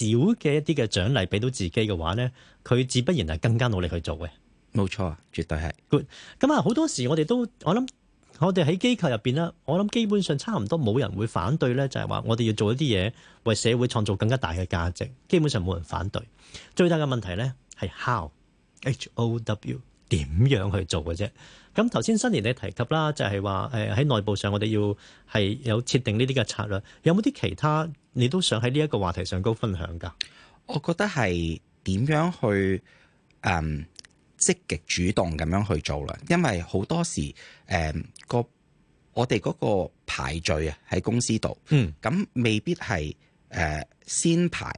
嘅一啲嘅獎勵俾到自己嘅話咧，佢自不然係更加努力去做嘅。冇錯，絕對係 good。咁啊，好多時我哋都我諗。我哋喺機構入邊咧，我諗基本上差唔多冇人會反對咧，就係話我哋要做一啲嘢為社會創造更加大嘅價值，基本上冇人反對。最大嘅問題咧係 how，H O W 點樣去做嘅啫？咁頭先新年你提及啦，就係話誒喺內部上，我哋要係有設定呢啲嘅策略，有冇啲其他你都想喺呢一個話題上高分享㗎？我覺得係點樣去誒？Um 積極主動咁樣去做啦，因為好多時誒個、呃、我哋嗰個排序喺公司度，嗯，咁未必係誒、呃、先排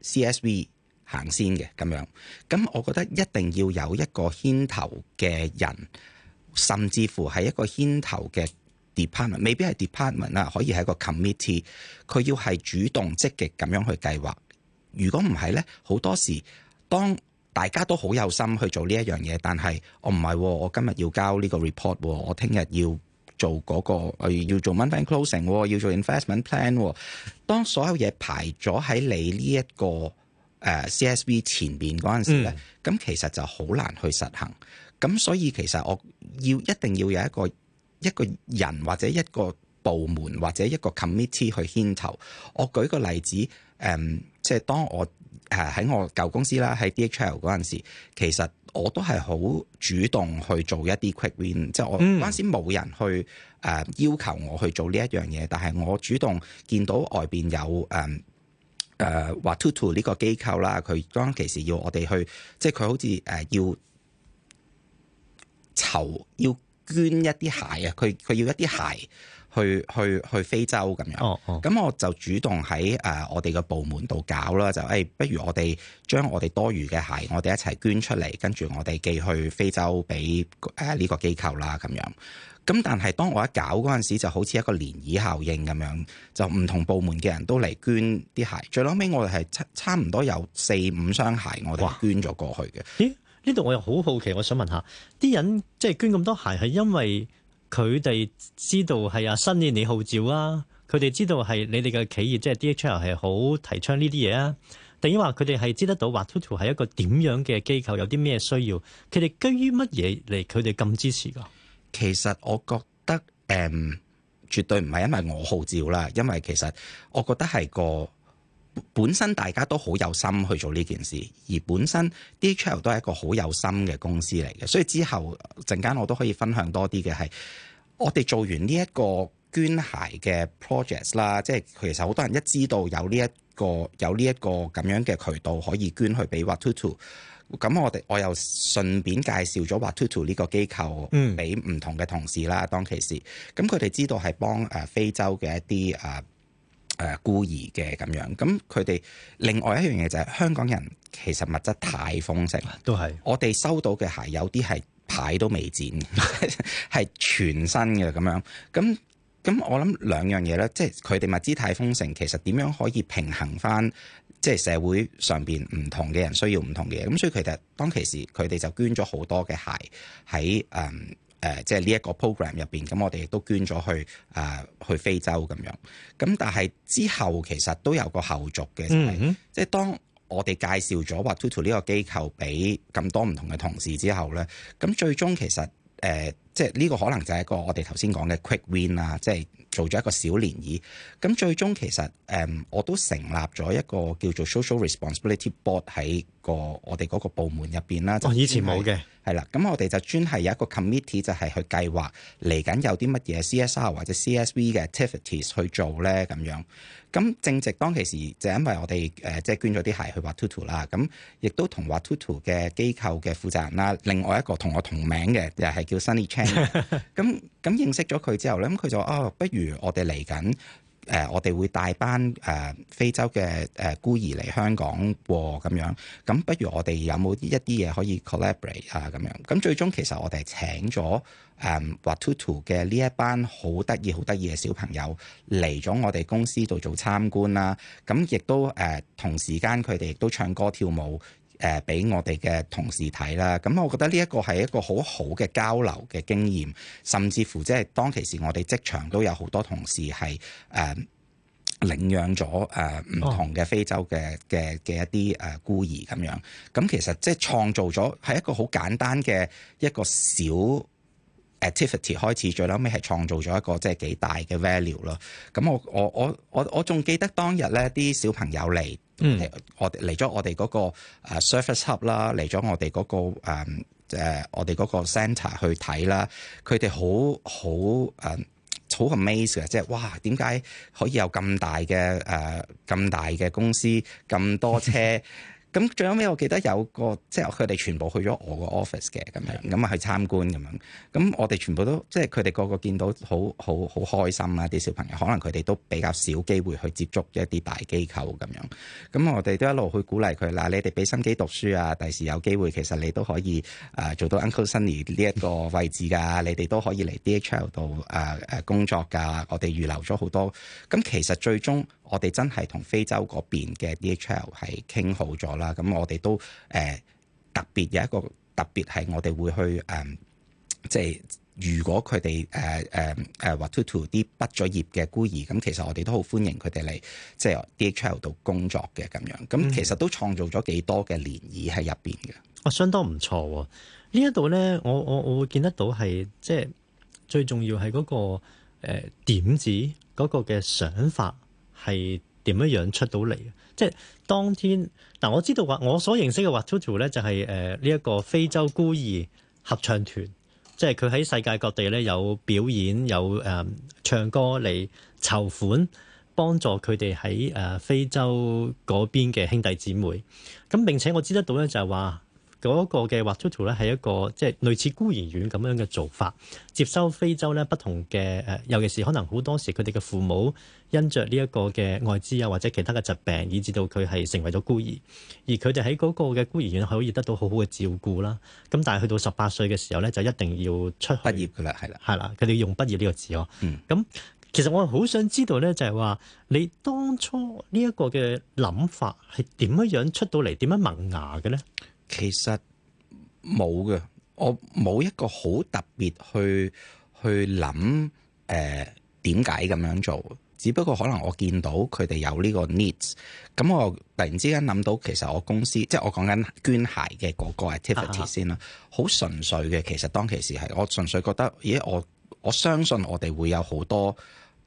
CSV 行先嘅咁樣。咁我覺得一定要有一個牽頭嘅人，甚至乎係一個牽頭嘅 department，未必係 department 啦，可以係一個 committee。佢要係主動積極咁樣去計劃。如果唔係咧，好多時當大家都好有心去做呢一樣嘢，但係我唔係，我今日要交呢個 report，我聽日要做嗰、那個，我、呃、要做 money closing，、哦、要做 investment plan、哦。當所有嘢排咗喺你呢一個誒 CSV 前面嗰陣時咧，咁、嗯、其實就好難去實行。咁所以其實我要一定要有一個一個人或者一個部門或者一個 committee 去牽頭。我舉個例子，誒、嗯，即係當我。誒喺我舊公司啦，喺 DHL 嗰陣時，其實我都係好主動去做一啲 quick win，、嗯、即係我嗰陣時冇人去誒、呃、要求我去做呢一樣嘢，但係我主動見到外邊有誒誒 Watoto 呢個機構啦，佢當其時要我哋去，即係佢好似誒要籌要捐一啲鞋啊，佢佢要一啲鞋。去去去非洲咁樣，咁、哦哦、我就主動喺誒、呃、我哋嘅部門度搞啦，就誒、哎、不如我哋將我哋多餘嘅鞋，我哋一齊捐出嚟，跟住我哋寄去非洲俾誒呢個機構啦咁樣。咁但係當我一搞嗰陣時，就好似一個漣漪效應咁樣，就唔同部門嘅人都嚟捐啲鞋。最後尾我哋係差差唔多有四五雙鞋，我哋捐咗過去嘅。咦？呢度我又好好奇，我想問下啲人，即係捐咁多鞋係因為？佢哋知道係啊新年你號召啊，佢哋知道係你哋嘅企業即係 DHL 係好提倡呢啲嘢啊，定話佢哋係知得到 Whitefoot 係一個點樣嘅機構，有啲咩需要？佢哋居於乜嘢嚟？佢哋咁支持噶？其實我覺得誒、嗯，絕對唔係因為我號召啦，因為其實我覺得係個。本身大家都好有心去做呢件事，而本身 DHL 都係一個好有心嘅公司嚟嘅，所以之後陣間我都可以分享多啲嘅係，我哋做完呢一個捐鞋嘅 project 啦，即係其實好多人一知道有呢、一個有呢一個咁樣嘅渠道可以捐去俾 Watu Two，咁我哋我又順便介紹咗 Watu Two 呢個機構俾唔同嘅同事啦，嗯、當其時，咁佢哋知道係幫誒非洲嘅一啲誒。呃誒、呃、孤兒嘅咁樣，咁佢哋另外一樣嘢就係、是、香港人其實物質太豐盛，都係是我哋收到嘅鞋有啲係牌都未剪，係 全新嘅咁樣，咁咁我諗兩樣嘢咧，即係佢哋物資太豐盛，其實點樣可以平衡翻，即、就、係、是、社會上邊唔同嘅人需要唔同嘅嘢，咁所以佢哋當其時佢哋就捐咗好多嘅鞋喺誒。嗯誒、呃，即係呢一個 program 入邊，咁我哋亦都捐咗去誒、呃，去非洲咁樣。咁但係之後其實都有個後續嘅，mm hmm. 即係當我哋介紹咗或 Tuto 呢個機構俾咁多唔同嘅同事之後咧，咁最終其實誒、呃，即係呢個可能就係一個我哋頭先講嘅 quick win 啦，即係。做咗一個小漣漪，咁最終其實誒、嗯、我都成立咗一個叫做 social responsibility board 喺個我哋嗰個部門入邊啦。哦，以前冇嘅，係啦，咁我哋就專係有一個 committee 就係去計劃嚟緊有啲乜嘢 CSR 或者 CSV 嘅 activities 去做咧咁樣，咁正值當其時就因為我哋誒即係捐咗啲鞋去畫 tootu 啦，咁亦都同畫 tootu 嘅機構嘅負責人啦，另外一個同我同名嘅又係叫 Sunny Chan，咁咁認識咗佢之後咧，咁佢就啊、哦、不如。如我哋嚟緊，誒、呃，我哋會帶班誒非洲嘅誒、呃、孤兒嚟香港，咁、呃、樣，咁不如我哋有冇一啲嘢可以 collaborate 啊？咁樣，咁最終其實我哋係請咗誒、呃、Watuto 嘅呢一班好得意、好得意嘅小朋友嚟咗我哋公司度做參觀啦，咁、啊、亦都誒、呃、同時間佢哋亦都唱歌跳舞。誒，俾、呃、我哋嘅同事睇啦，咁、嗯、我覺得呢一個係一個好好嘅交流嘅經驗，甚至乎即係當其時我哋職場都有好多同事係誒、呃、領養咗誒唔同嘅非洲嘅嘅嘅一啲誒、呃、孤兒咁樣，咁、嗯、其實即係創造咗係一個好簡單嘅一個小 activity 開始，最後尾係創造咗一個即係幾大嘅 value 咯。咁我我我我我仲記得當日咧啲小朋友嚟。嚟 我嚟咗、嗰個 uh, uh, 我哋嗰個 Surface Hub 啦，嚟咗我哋嗰個誒我哋嗰個 centre 去睇啦，佢哋好好誒好 amazed 啊！即、uh, 係哇，點解可以有咁大嘅誒咁大嘅公司咁多車？ 咁最後尾我記得有個即係佢哋全部去咗我個 office 嘅咁樣，咁啊的去參觀咁樣。咁我哋全部都即係佢哋個個見到好好好開心啊！啲小朋友可能佢哋都比較少機會去接觸一啲大機構咁樣。咁我哋都一路去鼓勵佢嗱，你哋俾心機讀書啊，第時有機會其實你都可以誒做到 Uncle Sunny 呢一個位置㗎。 你哋都可以嚟 DHL 度誒誒工作㗎。我哋預留咗好多。咁其實最終。我哋真係同非洲嗰邊嘅 DHL 係傾好咗啦。咁我哋都誒、呃、特別有一個特別係我哋會去誒、呃，即係如果佢哋誒誒誒或 to to 啲畢咗業嘅孤兒，咁其實我哋都好歡迎佢哋嚟即係 DHL 度工作嘅咁樣。咁其實都創造咗幾多嘅漣漪喺入邊嘅，哦，相當唔錯。呢一度咧，我我我會見得到係即係最重要係嗰、那個誒、呃、點子嗰、那個嘅想法。係點樣樣出到嚟？即係當天嗱，我知道話我所認識嘅 Watoto 咧，就係誒呢一個非洲孤兒合唱團，即係佢喺世界各地咧有表演，有誒唱歌嚟籌款，幫助佢哋喺誒非洲嗰邊嘅兄弟姊妹。咁並且我知得到咧，就係話。嗰個嘅 Watoto 咧，係一個即係類似孤兒院咁樣嘅做法，接收非洲咧不同嘅誒，尤其是可能好多時佢哋嘅父母因着呢一個嘅愛滋啊，或者其他嘅疾病，以至到佢係成為咗孤兒。而佢哋喺嗰個嘅孤兒院可以得到好好嘅照顧啦。咁但係去到十八歲嘅時候咧，就一定要出去畢業噶啦，係啦，係啦，佢哋要用畢業呢個字哦。嗯，咁其實我好想知道咧，就係話你當初呢一個嘅諗法係點樣樣出到嚟，點樣萌芽嘅咧？其實冇嘅，我冇一個好特別去去諗誒點解咁樣做。只不過可能我見到佢哋有呢個 needs，咁我突然之間諗到，其實我公司即係我講緊捐鞋嘅嗰個 activities 先啦，啊哈，好純粹嘅。其實當其時係我純粹覺得咦，我我相信我哋會有好多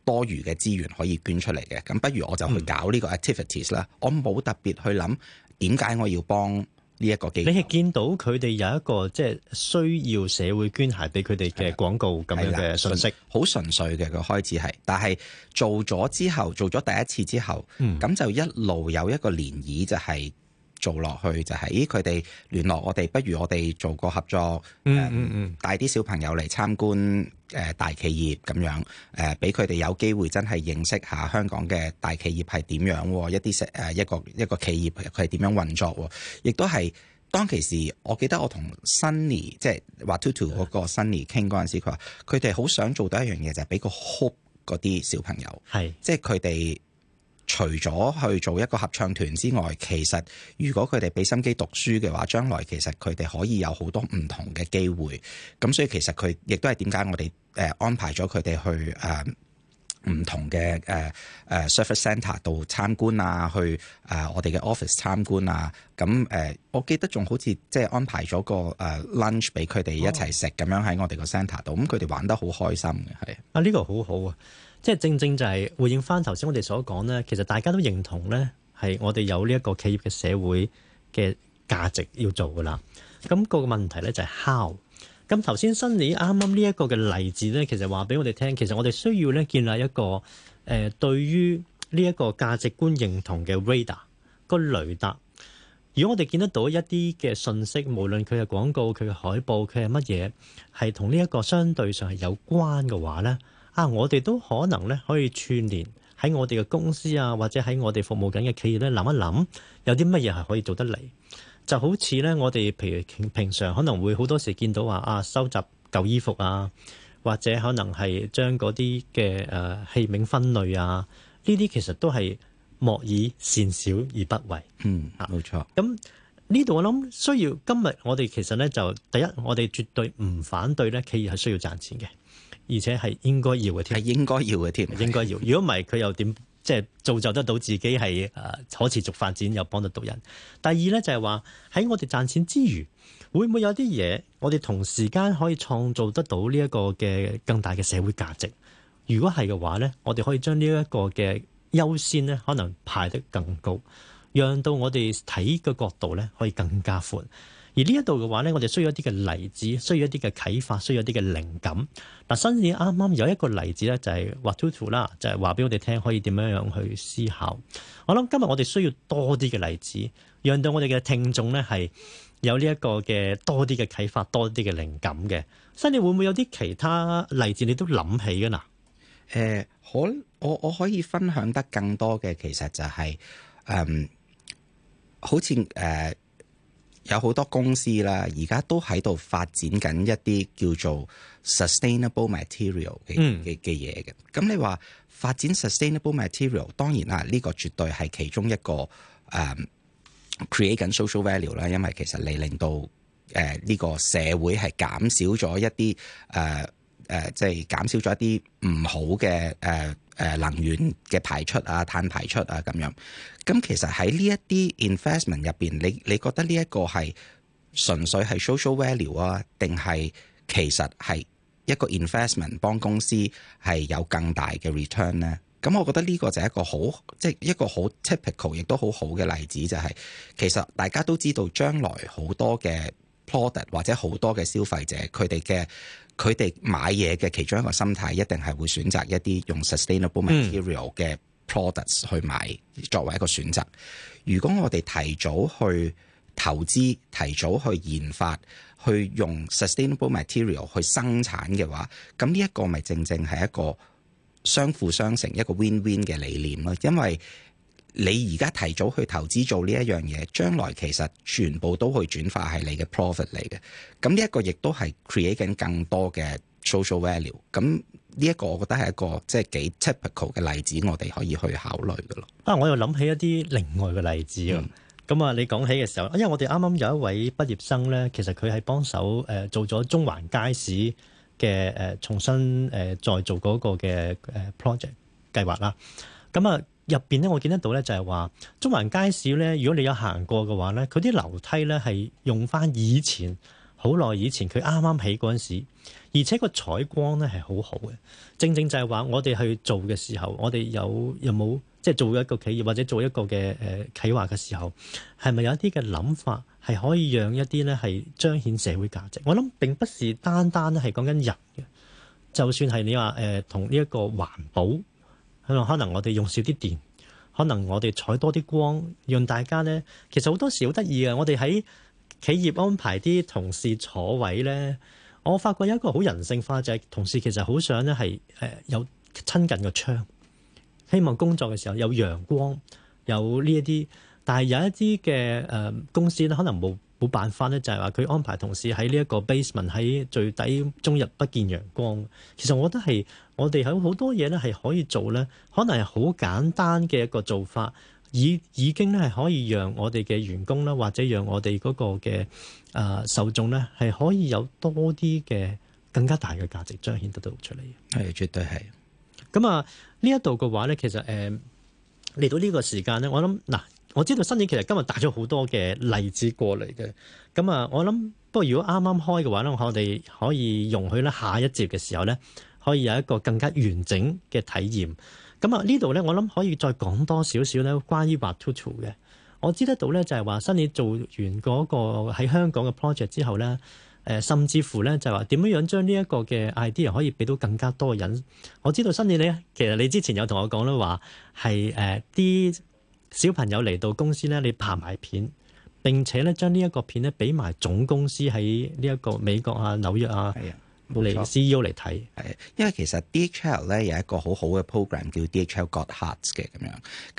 多餘嘅資源可以捐出嚟嘅，咁不如我就去搞呢個 activities 啦。嗯、我冇特別去諗點解我要幫。呢一個機，你係見到佢哋有一個即係需要社會捐鞋俾佢哋嘅廣告咁樣嘅信息，好純粹嘅佢開始係，但係做咗之後，做咗第一次之後，咁、嗯、就一路有一個漣漪就係做落去、就是，就係佢哋聯絡我哋，不如我哋做個合作，嗯嗯嗯，嗯嗯帶啲小朋友嚟參觀。誒大企業咁樣，誒俾佢哋有機會真係認識下香港嘅大企業係點樣、啊，一啲石、呃、一個一個企業佢係點樣運作、啊，亦都係當其時，我記得我同 Sunny 即係 Watuto 嗰個 Sunny 傾嗰陣時，佢話佢哋好想做到一樣嘢，就係、是、俾個 hope 嗰啲小朋友，係的即係佢哋。除咗去做一個合唱團之外，其實如果佢哋俾心機讀書嘅話，將來其實佢哋可以有好多唔同嘅機會。咁所以其實佢亦都係點解我哋誒安排咗佢哋去誒唔同嘅誒誒 service centre 度參觀啊，去誒我哋嘅 office 參觀啊。咁誒，我記得仲好似即係安排咗個誒 lunch 俾佢哋一齊食咁樣喺我哋個 centre 度，咁佢哋玩得好開心嘅係。啊，呢個好好啊！即係正正就係、是、回應翻頭先我哋所講咧，其實大家都認同咧，係我哋有呢一個企業嘅社會嘅價值要做噶啦。咁、那個問題咧就係 how。咁頭先新理啱啱呢一個嘅例子咧，其實話俾我哋聽，其實我哋需要咧建立一個誒、呃、對於呢一個價值觀認同嘅 radar 個雷達。如果我哋見得到一啲嘅信息，無論佢嘅廣告、佢嘅海報、佢係乜嘢，係同呢一個相對上係有關嘅話咧。啊！我哋都可能咧可以串連喺我哋嘅公司啊，或者喺我哋服務緊嘅企業咧，諗一諗有啲乜嘢係可以做得嚟？就好似咧，我哋譬如平常可能會好多時見到話啊，收集舊衣服啊，或者可能係將嗰啲嘅誒器皿分類啊，呢啲其實都係莫以善小而不為。嗯，啊，冇錯。咁呢度我諗需要今日我哋其實咧就第一，我哋絕對唔反對咧企業係需要賺錢嘅。而且係應該要嘅，添係應該要嘅，添應該要。要如果唔係，佢又點即係造就得到自己係誒可持續發展，又幫得到人。第二咧就係話喺我哋賺錢之餘，會唔會有啲嘢我哋同時間可以創造得到呢一個嘅更大嘅社會價值？如果係嘅話咧，我哋可以將呢一個嘅優先咧，可能排得更高，讓到我哋睇嘅角度咧可以更加寬。而呢一度嘅話咧，我哋需要一啲嘅例子，需要一啲嘅啟發，需要一啲嘅靈感。嗱、啊，新燕啱啱有一個例子咧，就係、是、Watu Tu 啦，就係話俾我哋聽可以點樣樣去思考。我諗今日我哋需要多啲嘅例子，讓到我哋嘅聽眾咧係有呢一個嘅多啲嘅啟發，多啲嘅靈感嘅。新燕會唔會有啲其他例子你都諗起噶嗱？誒、呃，可我我可以分享得更多嘅，其實就係、是、誒、嗯，好似誒。呃有好多公司啦，而家都喺度發展緊一啲叫做 sustainable material 嘅嘅嘅嘢嘅。咁、嗯、你話發展 sustainable material，當然啦，呢、呢個絕對係其中一個誒 create 緊 social value 啦，因為其實你令到誒呢、呃呢個社會係減少咗一啲誒。呃誒、呃，即係減少咗一啲唔好嘅誒誒能源嘅排出啊，碳排出啊，咁樣。咁其實喺呢一啲 investment 入邊，你你覺得呢一個係純粹係 social value 啊，定係其實係一個 investment 幫公司係有更大嘅 return 呢？咁、嗯、我覺得呢個就係一個好即係一個好 typical，亦都好好嘅例子，就係，就係其實大家都知道，將來好多嘅 product 或者好多嘅消費者，佢哋嘅。佢哋買嘢嘅其中一個心態，一定係會選擇一啲用 sustainable material 嘅 products 去買，作為一個選擇。如果我哋提早去投資、提早去研發、去用 sustainable material 去生產嘅話，咁呢一個咪正正係一個相輔相成、一個 win-win 嘅理念咯，因為。你而家提早去投資做呢一樣嘢，將來其實全部都去轉化係你嘅 profit 嚟嘅。咁呢一個亦都係 create 緊更多嘅 social value。咁呢一個我覺得係一個即係幾 typical 嘅例子，我哋可以去考慮嘅咯。啊，我又諗起一啲另外嘅例子啊。咁啊、嗯，你講起嘅時候，因為我哋啱啱有一位畢業生咧，其實佢係幫手誒做咗中環街市嘅誒重新誒再做嗰個嘅誒 project 計劃啦。咁啊～入邊咧，我見得到咧，就係話中環街市咧，如果你有行過嘅話咧，佢啲樓梯咧係用返以前好耐以前佢啱啱起嗰陣時，而且個採光咧係好好嘅。正正就係話我哋去做嘅時候，我哋有有冇即係做一個企業或者做一個嘅誒、呃、企劃嘅時候，係咪有一啲嘅諗法係可以讓一啲咧係彰顯社會價值？我諗並不是單單係講緊人嘅，就算係你話誒、呃、同呢一個環保。可能我哋用少啲電，可能我哋採多啲光，讓大家咧，其實好多時好得意嘅。我哋喺企業安排啲同事坐位咧，我發覺有一個好人性化就係、是，同事其實好想咧係誒有親近個窗，希望工作嘅時候有陽光，有呢一啲。但係有一啲嘅誒公司咧，可能冇冇辦法咧，就係話佢安排同事喺呢一個 basement 喺最底，終日不見陽光。其實我覺得係。我哋有好多嘢咧，係可以做咧，可能係好簡單嘅一個做法，已已經咧係可以讓我哋嘅員工啦，或者讓我哋嗰、那個嘅啊、呃、受眾咧，係可以有多啲嘅更加大嘅價值彰顯得到出嚟。係，絕對係。咁啊，呢一度嘅話咧，其實誒嚟、呃、到呢個時間咧，我諗嗱，我知道新野其實今日帶咗好多嘅例子過嚟嘅。咁啊，我諗不過如果啱啱開嘅話咧，我哋可以容許咧下一節嘅時候咧。可以有一個更加完整嘅體驗。咁啊，呢度咧，我諗可以再講多少少咧，關於畫 t u o 嘅。我知得到咧，就係話新你做完嗰個喺香港嘅 project 之後咧，誒、呃，甚至乎咧就係話點樣樣將呢一個嘅 idea 可以俾到更加多人。我知道新你你其實你之前有同我講啦，話係誒啲小朋友嚟到公司咧，你拍埋片並且咧將呢一個片咧俾埋總公司喺呢一個美國啊紐約啊。冇理個 CEO 嚟睇，係因為其實 DHL 咧有一個好好嘅 program 叫 DHL Got Hearts 嘅咁樣，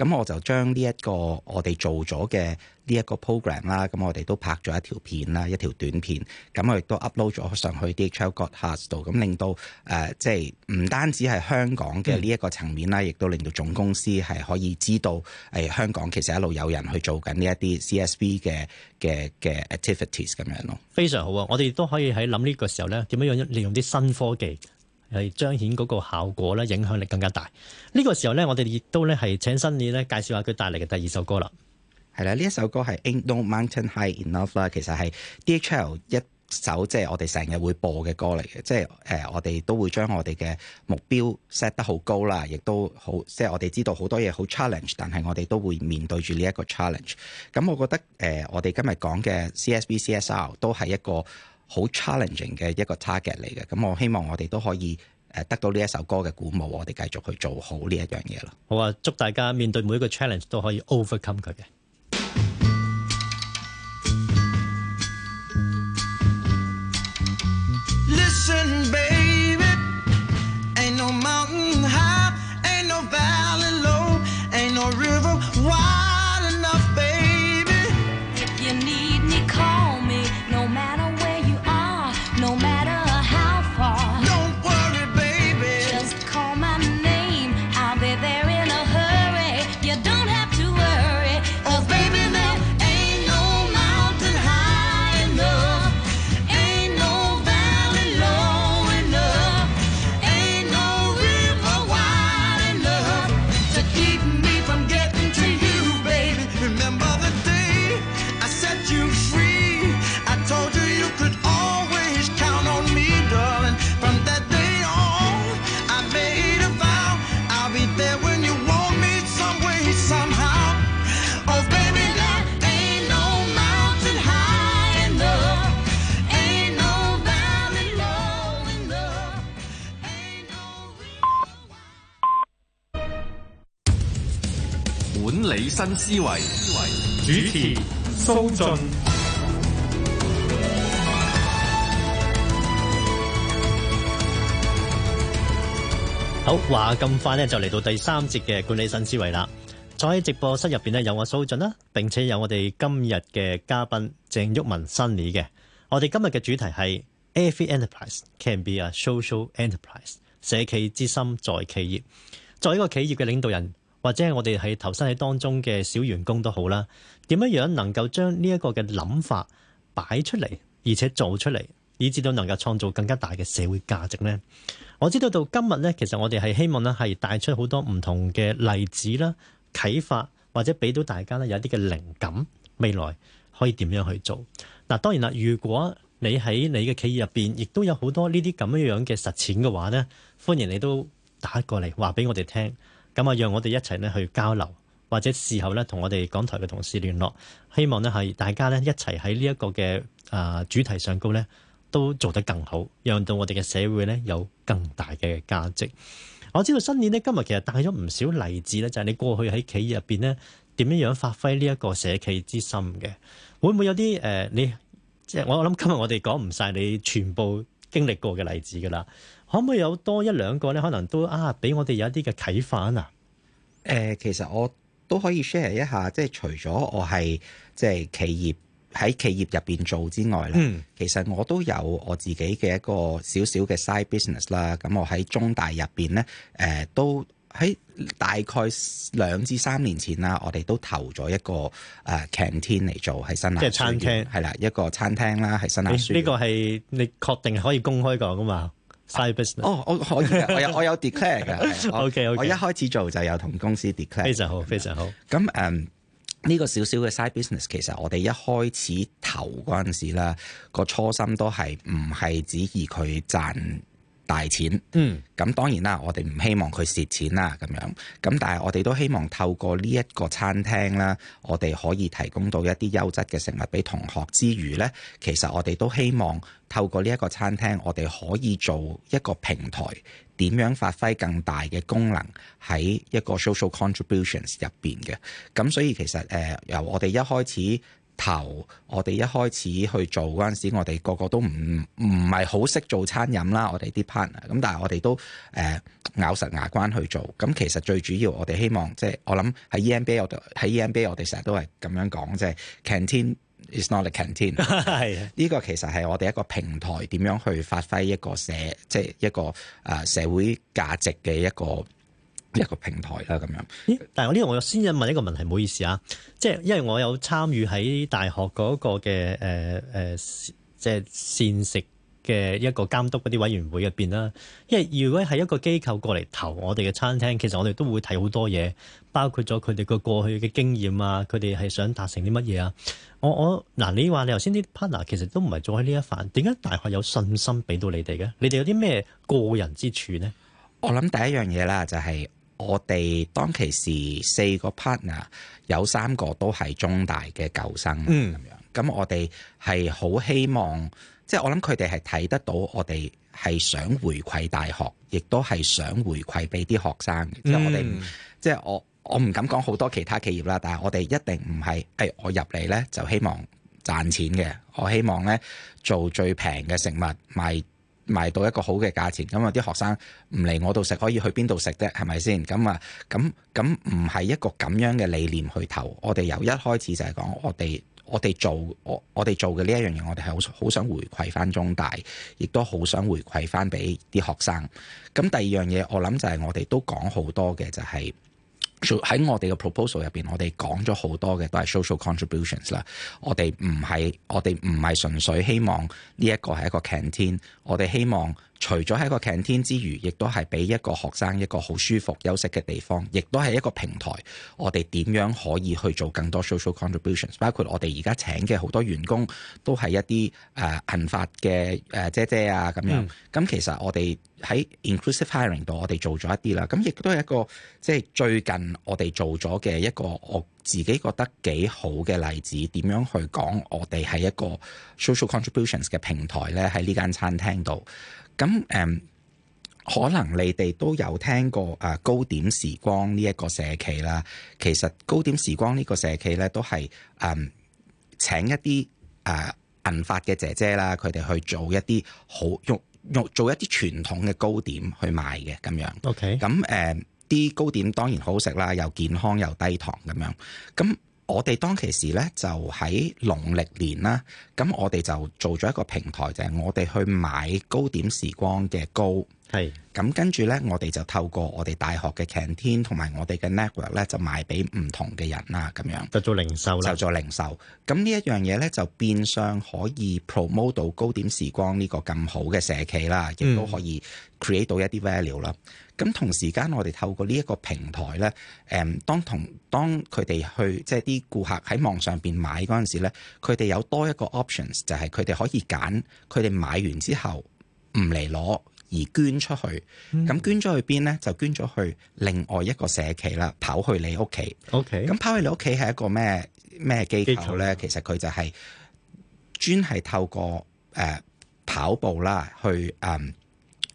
咁我就將呢一個我哋做咗嘅。呢一個 program 啦，咁我哋都拍咗一條片啦，一條短片，咁我亦都 upload 咗上去啲 X God House 度，咁令到誒、呃，即係唔單止係香港嘅呢一個層面啦，亦、嗯、都令到總公司係可以知道，誒、哎、香港其實一路有人去做緊呢一啲 CSV 嘅嘅嘅 activities 咁樣咯。非常好啊！我哋亦都可以喺諗呢個時候咧，點樣樣利用啲新科技係、呃、彰顯嗰個效果咧，影響力更加大。呢、這個時候咧，我哋亦都咧係請新嘢咧介紹下佢帶嚟嘅第二首歌啦。係啦，呢一首歌係《Ain't No Mountain High Enough》啦。其實係 D. H. L. 一首即係、就是、我哋成日會播嘅歌嚟嘅，即係誒我哋都會將我哋嘅目標 set 得好高啦，亦都好即係我哋知道好多嘢好 challenge，但係我哋都會面對住呢一個 challenge。咁、嗯、我覺得誒、呃、我哋今日講嘅 C. S. V. C. S. R. 都係一個好 challenging 嘅一個 target 嚟嘅。咁、嗯、我希望我哋都可以誒得到呢一首歌嘅鼓舞，我哋繼續去做好呢一樣嘢咯。好啊，祝大家面對每一個 challenge 都可以 overcome 佢嘅。理新思維，主持蘇俊。好，話咁快咧，就嚟到第三節嘅管理新思維啦。坐喺直播室入邊咧，有我蘇俊啦，並且有我哋今日嘅嘉賓鄭旭文新 u 嘅。我哋今日嘅主題係 Every enterprise can be a social enterprise，社企之心在企業。在一個企業嘅領導人。或者我哋係投身喺當中嘅小員工都好啦，點樣樣能夠將呢一個嘅諗法擺出嚟，而且做出嚟，以至到能夠創造更加大嘅社會價值呢？我知道到今日呢，其實我哋係希望呢係帶出好多唔同嘅例子啦、啟發，或者俾到大家呢有一啲嘅靈感，未來可以點樣去做？嗱，當然啦，如果你喺你嘅企業入邊亦都有好多呢啲咁樣嘅實踐嘅話呢，歡迎你都打過嚟話俾我哋聽。咁啊，讓我哋一齊咧去交流，或者事後咧同我哋港台嘅同事聯絡，希望咧係大家咧一齊喺呢一個嘅啊主題上高咧，都做得更好，讓到我哋嘅社會咧有更大嘅價值。我知道新年呢今日其實帶咗唔少例子咧，就係、是、你過去喺企業入邊咧點樣樣發揮呢一個社企之心嘅，會唔會有啲誒、呃，你即係我諗今日我哋講唔晒你全部經歷過嘅例子噶啦。可唔可以有多一兩個咧？可能都啊，俾我哋有一啲嘅啟發啊！誒、呃，其實我都可以 share 一下，即係除咗我係即係企業喺企業入邊做之外咧，嗯、其實我都有我自己嘅一個少少嘅 side business 啦。咁我喺中大入邊咧，誒、呃，都喺大概兩至三年前啦，我哋都投咗一個誒 canteen 嚟做喺新亞書院，即係餐廳，係啦，一個餐廳啦，喺新亞書院。呢個係你確定可以公開講噶嘛？side business 哦，我可以，我有我有 declare 嘅，ok ok，我一開始做就有同公司 declare， 非常好，非常好。咁誒，呢個少少嘅 side business 其實我哋一開始投嗰陣時咧，個初心都係唔係指意佢賺大錢，嗯，咁當然啦，我哋唔希望佢蝕錢啦，咁樣，咁但係我哋都希望透過呢一個餐廳啦，我哋可以提供到一啲優質嘅食物俾同學之餘呢，其實我哋都希望透過呢一個餐廳，我哋可以做一個平台，點樣發揮更大嘅功能喺一個 social contributions 入邊嘅，咁所以其實誒、呃，由我哋一開始頭，我哋一開始去做嗰陣時，我哋個個都唔唔係好識做餐飲啦。我哋啲 partner，咁但係我哋都誒、呃、咬實牙關去做。咁其實最主要我，我哋希望即係我諗喺 EMBA，我喺 EMBA，我哋成日都係咁樣講，即係 canteen is not a canteen。係，呢個其實係我哋一個平台，點樣去發揮一個社，即係一個啊社會價值嘅一個。一個平台啦、啊，咁樣。咦但係我呢度我先要問一個問題，唔好意思啊。即係因為我有參與喺大學嗰個嘅誒誒，即係膳食嘅一個監督嗰啲委員會入邊啦。因為如果係一個機構過嚟投我哋嘅餐廳，其實我哋都會睇好多嘢，包括咗佢哋嘅過去嘅經驗啊，佢哋係想達成啲乜嘢啊。我我嗱，你話你頭先啲 partner 其實都唔係做喺呢一範，點解大學有信心俾到你哋嘅？你哋有啲咩個人之處呢？我諗第一樣嘢啦，就係、是。我哋當其時四個 partner 有三個都係中大嘅舊生，咁樣咁我哋係好希望，即係我諗佢哋係睇得到我哋係想回饋大學，亦都係想回饋俾啲學生。即係、嗯、我哋，即係我我唔敢講好多其他企業啦，但係我哋一定唔係，誒我入嚟咧就希望賺錢嘅，我希望咧做最平嘅食物賣。賣到一個好嘅價錢，咁啊啲學生唔嚟我度食，可以去邊度食啫？係咪先？咁啊，咁咁唔係一個咁樣嘅理念去投。我哋由一開始就係講，我哋我哋做我我哋做嘅呢一樣嘢，我哋係好好想回饋返中大，亦都好想回饋返畀啲學生。咁第二樣嘢，我諗就係我哋都講好多嘅，就係、是。喺我哋嘅 proposal 入邊，我哋講咗好多嘅都係 social contributions 啦。我哋唔係，我哋唔係純粹希望呢一個係一個 canteen，我哋希望除咗係一個 canteen 之餘，亦都係俾一個學生一個好舒服休息嘅地方，亦都係一個平台。我哋點樣可以去做更多 social contributions？包括我哋而家請嘅好多員工都係一啲誒銀髮嘅誒、呃、姐姐啊，咁樣咁 Yeah.、嗯、其實我哋喺 inclusive hiring 度，我哋做咗一啲啦。咁亦都係一個即係、就是、最近。我哋做咗嘅一個我自己覺得幾好嘅例子，點樣去講我哋係一個 social contributions 嘅平台咧？喺呢間餐廳度，咁誒、嗯，可能你哋都有聽過啊高點時光呢一個社企啦。其實高點時光呢個社企咧，都係誒、嗯、請一啲誒銀髮嘅姐姐啦，佢哋去做一啲好用用做一啲傳統嘅糕點去賣嘅咁樣。OK，咁誒。嗯嗯啲糕點當然好食啦，又健康又低糖咁樣。咁我哋當其時咧，就喺農曆年啦。咁我哋就做咗一個平台，就係我哋去買糕點時光嘅糕。係咁，是跟住咧，我哋就透過我哋大學嘅 canteen 同埋我哋嘅 network 咧，就賣俾唔同嘅人啦。咁樣就做零售啦，就做零售。咁呢一樣嘢咧，就變相可以 promote 到高點時光呢個咁好嘅社企啦，亦都可以 create 到一啲 value 啦。咁、嗯、同時間，我哋透過呢一個平台咧，誒，當同當佢哋去即係啲顧客喺網上邊買嗰陣時咧，佢哋有多一個 options，就係佢哋可以揀，佢哋買完之後唔嚟攞，而捐出去，咁、嗯、捐咗去邊咧？就捐咗去另外一個社企啦，跑去你屋企。OK，咁跑去你屋企係一個咩咩機構咧？構，其實佢就係專係透過誒、呃、跑步啦，去、呃、嗯。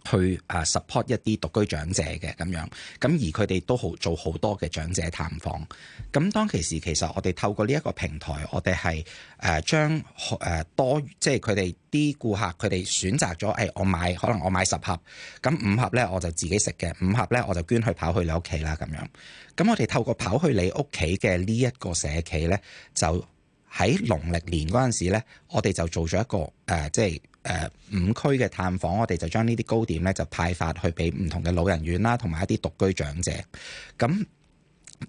去誒 support 一啲獨居長者嘅咁樣，咁而佢哋都好做好多嘅長者探訪。咁當其時其實我哋透過呢一個平台，我哋係誒將誒、呃、多即係佢哋啲顧客，佢哋選擇咗誒、哎、我買可能我買十盒，咁五盒咧我就自己食嘅，五盒咧我就捐去跑去你屋企啦咁樣。咁我哋透過跑去你屋企嘅呢一個社企咧，就喺農曆年嗰陣時咧，我哋就做咗一個誒、呃、即係。誒、呃，五區嘅探訪，我哋就將呢啲糕點咧，就派發去俾唔同嘅老人院啦，同埋一啲獨居長者。咁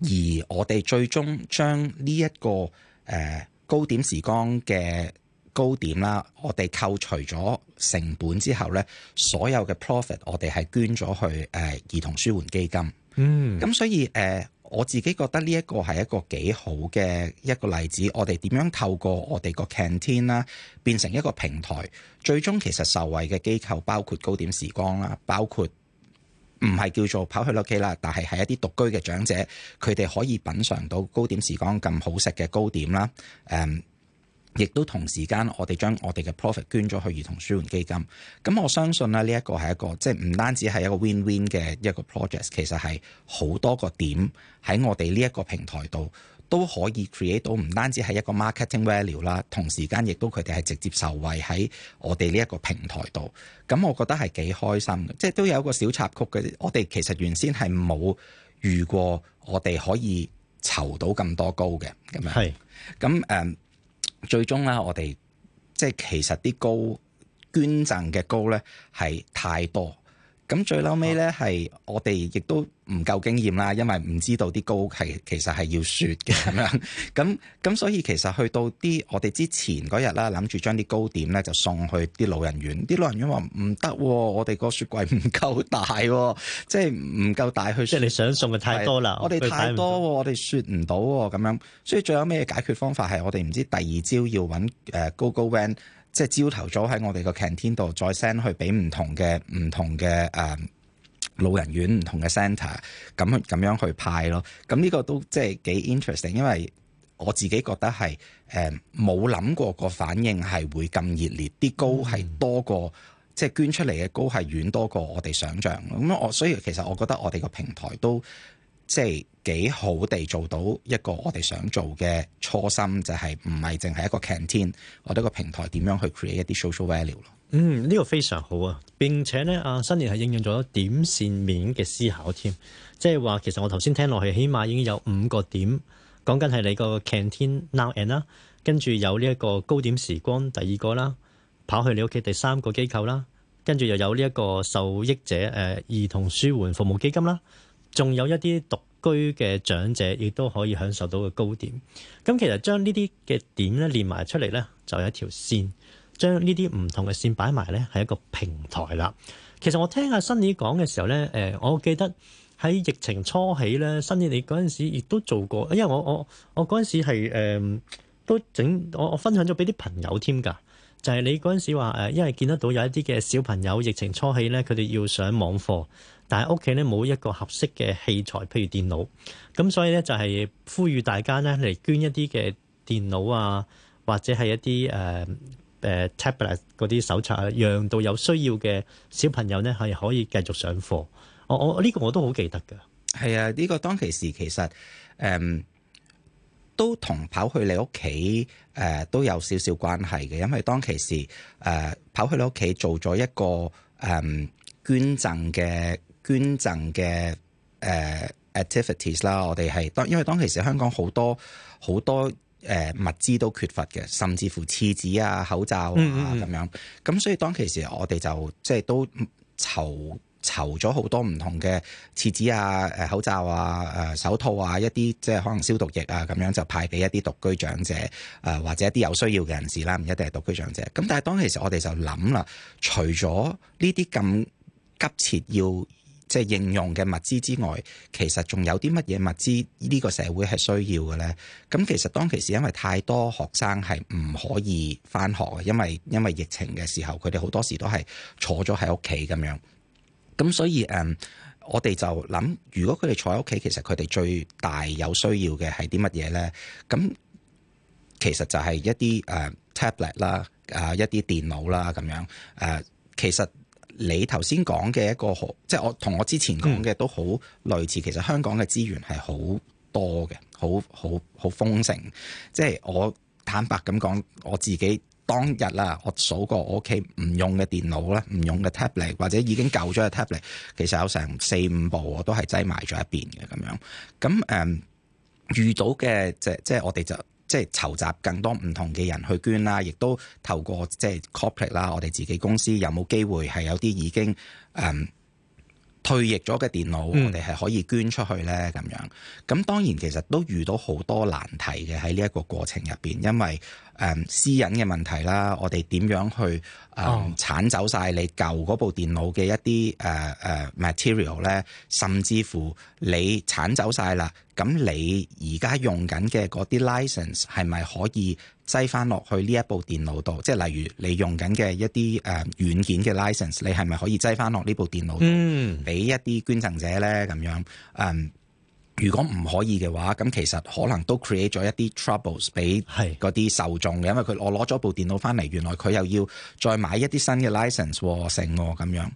而我哋最終將呢一個誒、呃、高點時光嘅糕點啦，我哋扣除咗成本之後咧，所有嘅 profit 我哋係捐咗去誒、呃、兒童舒緩基金。嗯，咁所以誒。呃我自己覺得呢一個係一個幾好嘅一個例子，我哋點樣透過我哋個 canteen 啦，變成一個平台，最終其實受惠嘅機構包括高點時光啦，包括唔係叫做跑去落機啦，但係係一啲獨居嘅長者，佢哋可以品嚐到高點時光咁好食嘅糕點啦，誒、嗯。亦都同時間，我哋將我哋嘅 profit 捐咗去兒童舒緩基金。咁我相信咧，呢、這個、一個係一個即係唔單止係一個 win win 嘅一個 project。其實係好多個點喺我哋呢一個平台度都可以 create 到，唔單止係一個 marketing value 啦。同時間亦都佢哋係直接受惠喺我哋呢一個平台度。咁我覺得係幾開心，嘅，即係都有一個小插曲嘅。我哋其實原先係冇遇過，我哋可以籌到咁多高嘅咁樣。係咁誒。最終咧，我哋即係其實啲高捐贈嘅高咧係太多。咁最嬲尾咧，係我哋亦都唔夠經驗啦，因為唔知道啲糕係其實係要雪嘅咁樣。咁 咁所以其實去到啲我哋之前嗰日咧，諗住將啲糕點咧就送去啲老人院。啲老人院話唔得，我哋個雪櫃唔夠大、啊、大，即係唔夠大去。即係你想送嘅太多啦是不，我哋太多，我哋雪唔到咁樣。所以最後尾嘅解決方法係我哋唔知第二朝要揾誒 Go Go Van。即係朝頭早喺我哋個 canteen 度再 send 去俾唔同嘅唔同嘅誒、啊、老人院唔同嘅 centre，咁咁樣,樣去派咯。咁呢個都即係幾 interesting，因為我自己覺得係誒冇諗過個反應係會咁熱烈，啲高係多過即係捐出嚟嘅高係遠多過我哋想象。咁我所以其實我覺得我哋個平台都。即係幾好地做到一個我哋想做嘅初心，就係唔係淨係一個 canteen，我哋個平台點樣去 create 一啲 social value 咯。嗯，呢個非常好啊！並且咧，阿新年係應用咗點線面嘅思考，添即係話其實我頭先聽落去，起碼已經有五個點，講緊係你個 canteen now and 啦，跟住有呢一個高點時光，第二個啦，跑去你屋企，第三個機構啦，跟住又有呢一個受益者，誒兒童舒緩服務基金啦。仲有一啲獨居嘅長者，亦都可以享受到嘅高點。咁其實將呢啲嘅點咧連埋出嚟咧，就有一條線。將呢啲唔同嘅線擺埋咧，係一個平台啦。其實我聽阿新宇講嘅時候咧，誒，我記得喺疫情初期咧，新宇你嗰陣時亦都做過，因為我我我嗰陣時係都整，我我、呃、我，我分享咗俾啲朋友添㗎。就係、是、你嗰陣時話因為見得到有一啲嘅小朋友疫情初期咧，佢哋要上網課。但係屋企咧冇一個合適嘅器材，譬如電腦，咁所以咧就係呼籲大家咧嚟捐一啲嘅電腦啊，或者係一啲誒誒 tablet 嗰啲手冊啊，讓到有需要嘅小朋友咧係可以繼續上課。我我呢、這個我都好記得㗎。係啊，呢、這個當其時其實誒、嗯、都同跑去你屋企誒都有少少關係嘅，因為當其時誒、嗯、跑去你屋企做咗一個誒、嗯、捐贈嘅捐贈嘅誒 activities 啦，我哋係當，因為當其時香港好多好多誒、呃、物資都缺乏嘅，甚至乎廁紙啊、口罩啊咁、嗯嗯、樣，咁所以當其時我哋就即係都籌籌咗好多唔同嘅廁紙啊、誒口罩啊、誒、呃、手套啊一啲即係可能消毒液啊咁樣，就派俾一啲獨居長者誒、呃、或者一啲有需要嘅人士啦，唔一定係獨居長者。咁但係當其時我哋就諗啦，除咗呢啲咁急切要即係應用嘅物資之外，其實仲有啲乜嘢物資呢個社會係需要嘅咧？咁其實當其時因為太多學生係唔可以返學，因為因為疫情嘅時候，佢哋好多時都係坐咗喺屋企咁樣。咁所以誒，uh, 我哋就諗，如果佢哋坐喺屋企，其實佢哋最大有需要嘅係啲乜嘢咧？咁其實就係一啲誒、uh, tablet 啦，啊一啲電腦啦咁樣誒，uh, 其實。你頭先講嘅一個好，即係我同我之前講嘅都好類似。嗯、其實香港嘅資源係好多嘅，好好好豐盛。即係我坦白咁講，我自己當日啦，我數過我屋企唔用嘅電腦啦，唔用嘅 tablet 或者已經舊咗嘅 tablet，其實有成四五部我都係擠埋咗一邊嘅咁樣。咁誒、嗯、遇到嘅即係即係我哋就。即係籌集更多唔同嘅人去捐啦，亦都透過即係 Corporate 啦，我哋自己公司有冇機會係有啲已經誒。嗯退役咗嘅電腦，我哋係可以捐出去咧咁、嗯、樣。咁當然其實都遇到好多難題嘅喺呢一個過程入邊，因為誒、嗯、私隱嘅問題啦，我哋點樣去誒、嗯、剷走晒你舊嗰部電腦嘅一啲誒誒 material 咧？甚至乎你剷走晒啦，咁你而家用緊嘅嗰啲 license 係咪可以？擠翻落去呢一部電腦度，即係例如你用緊嘅一啲誒、呃、軟件嘅 license，你係咪可以擠翻落呢部電腦？嗯，俾一啲捐贈者咧咁樣。嗯，如果唔可以嘅話，咁其實可能都 create 咗一啲 troubles 俾係嗰啲受眾嘅，是因為佢我攞咗部電腦翻嚟，原來佢又要再買一啲新嘅 license 成咁樣。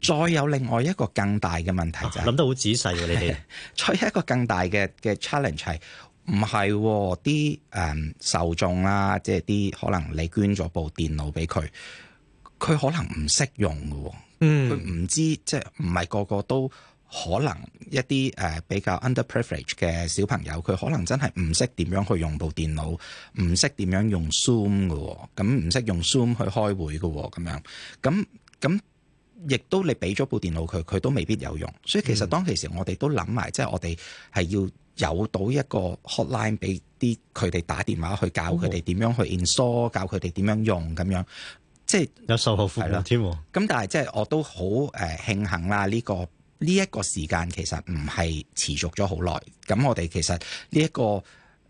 再有另外一個更大嘅問題就係、是、諗得好仔細㗎、啊，你哋 再一個更大嘅嘅 challenge 係。唔係喎，啲誒、哦嗯、受眾啦、啊，即係啲可能你捐咗部電腦俾佢，佢可能唔識用嘅喎，嗯，佢唔知即係唔係個個都可能一啲誒、呃、比較 underprivileged 嘅小朋友，佢可能真係唔識點樣去用部電腦，唔識點樣用 Zoom 嘅，咁唔識用 Zoom 去開會嘅，咁樣，咁咁亦都你俾咗部電腦佢，佢都未必有用，所以其實當其時我哋都諗埋，嗯、即係我哋係要。有到一個 hotline 俾啲佢哋打電話去教佢哋點樣去 install 教佢哋點樣用咁樣，即係有售後服務啦。添咁、這個這個這個這個，但係即係我都好誒慶幸啦。呢個呢一個時間其實唔係持續咗好耐。咁我哋其實呢一個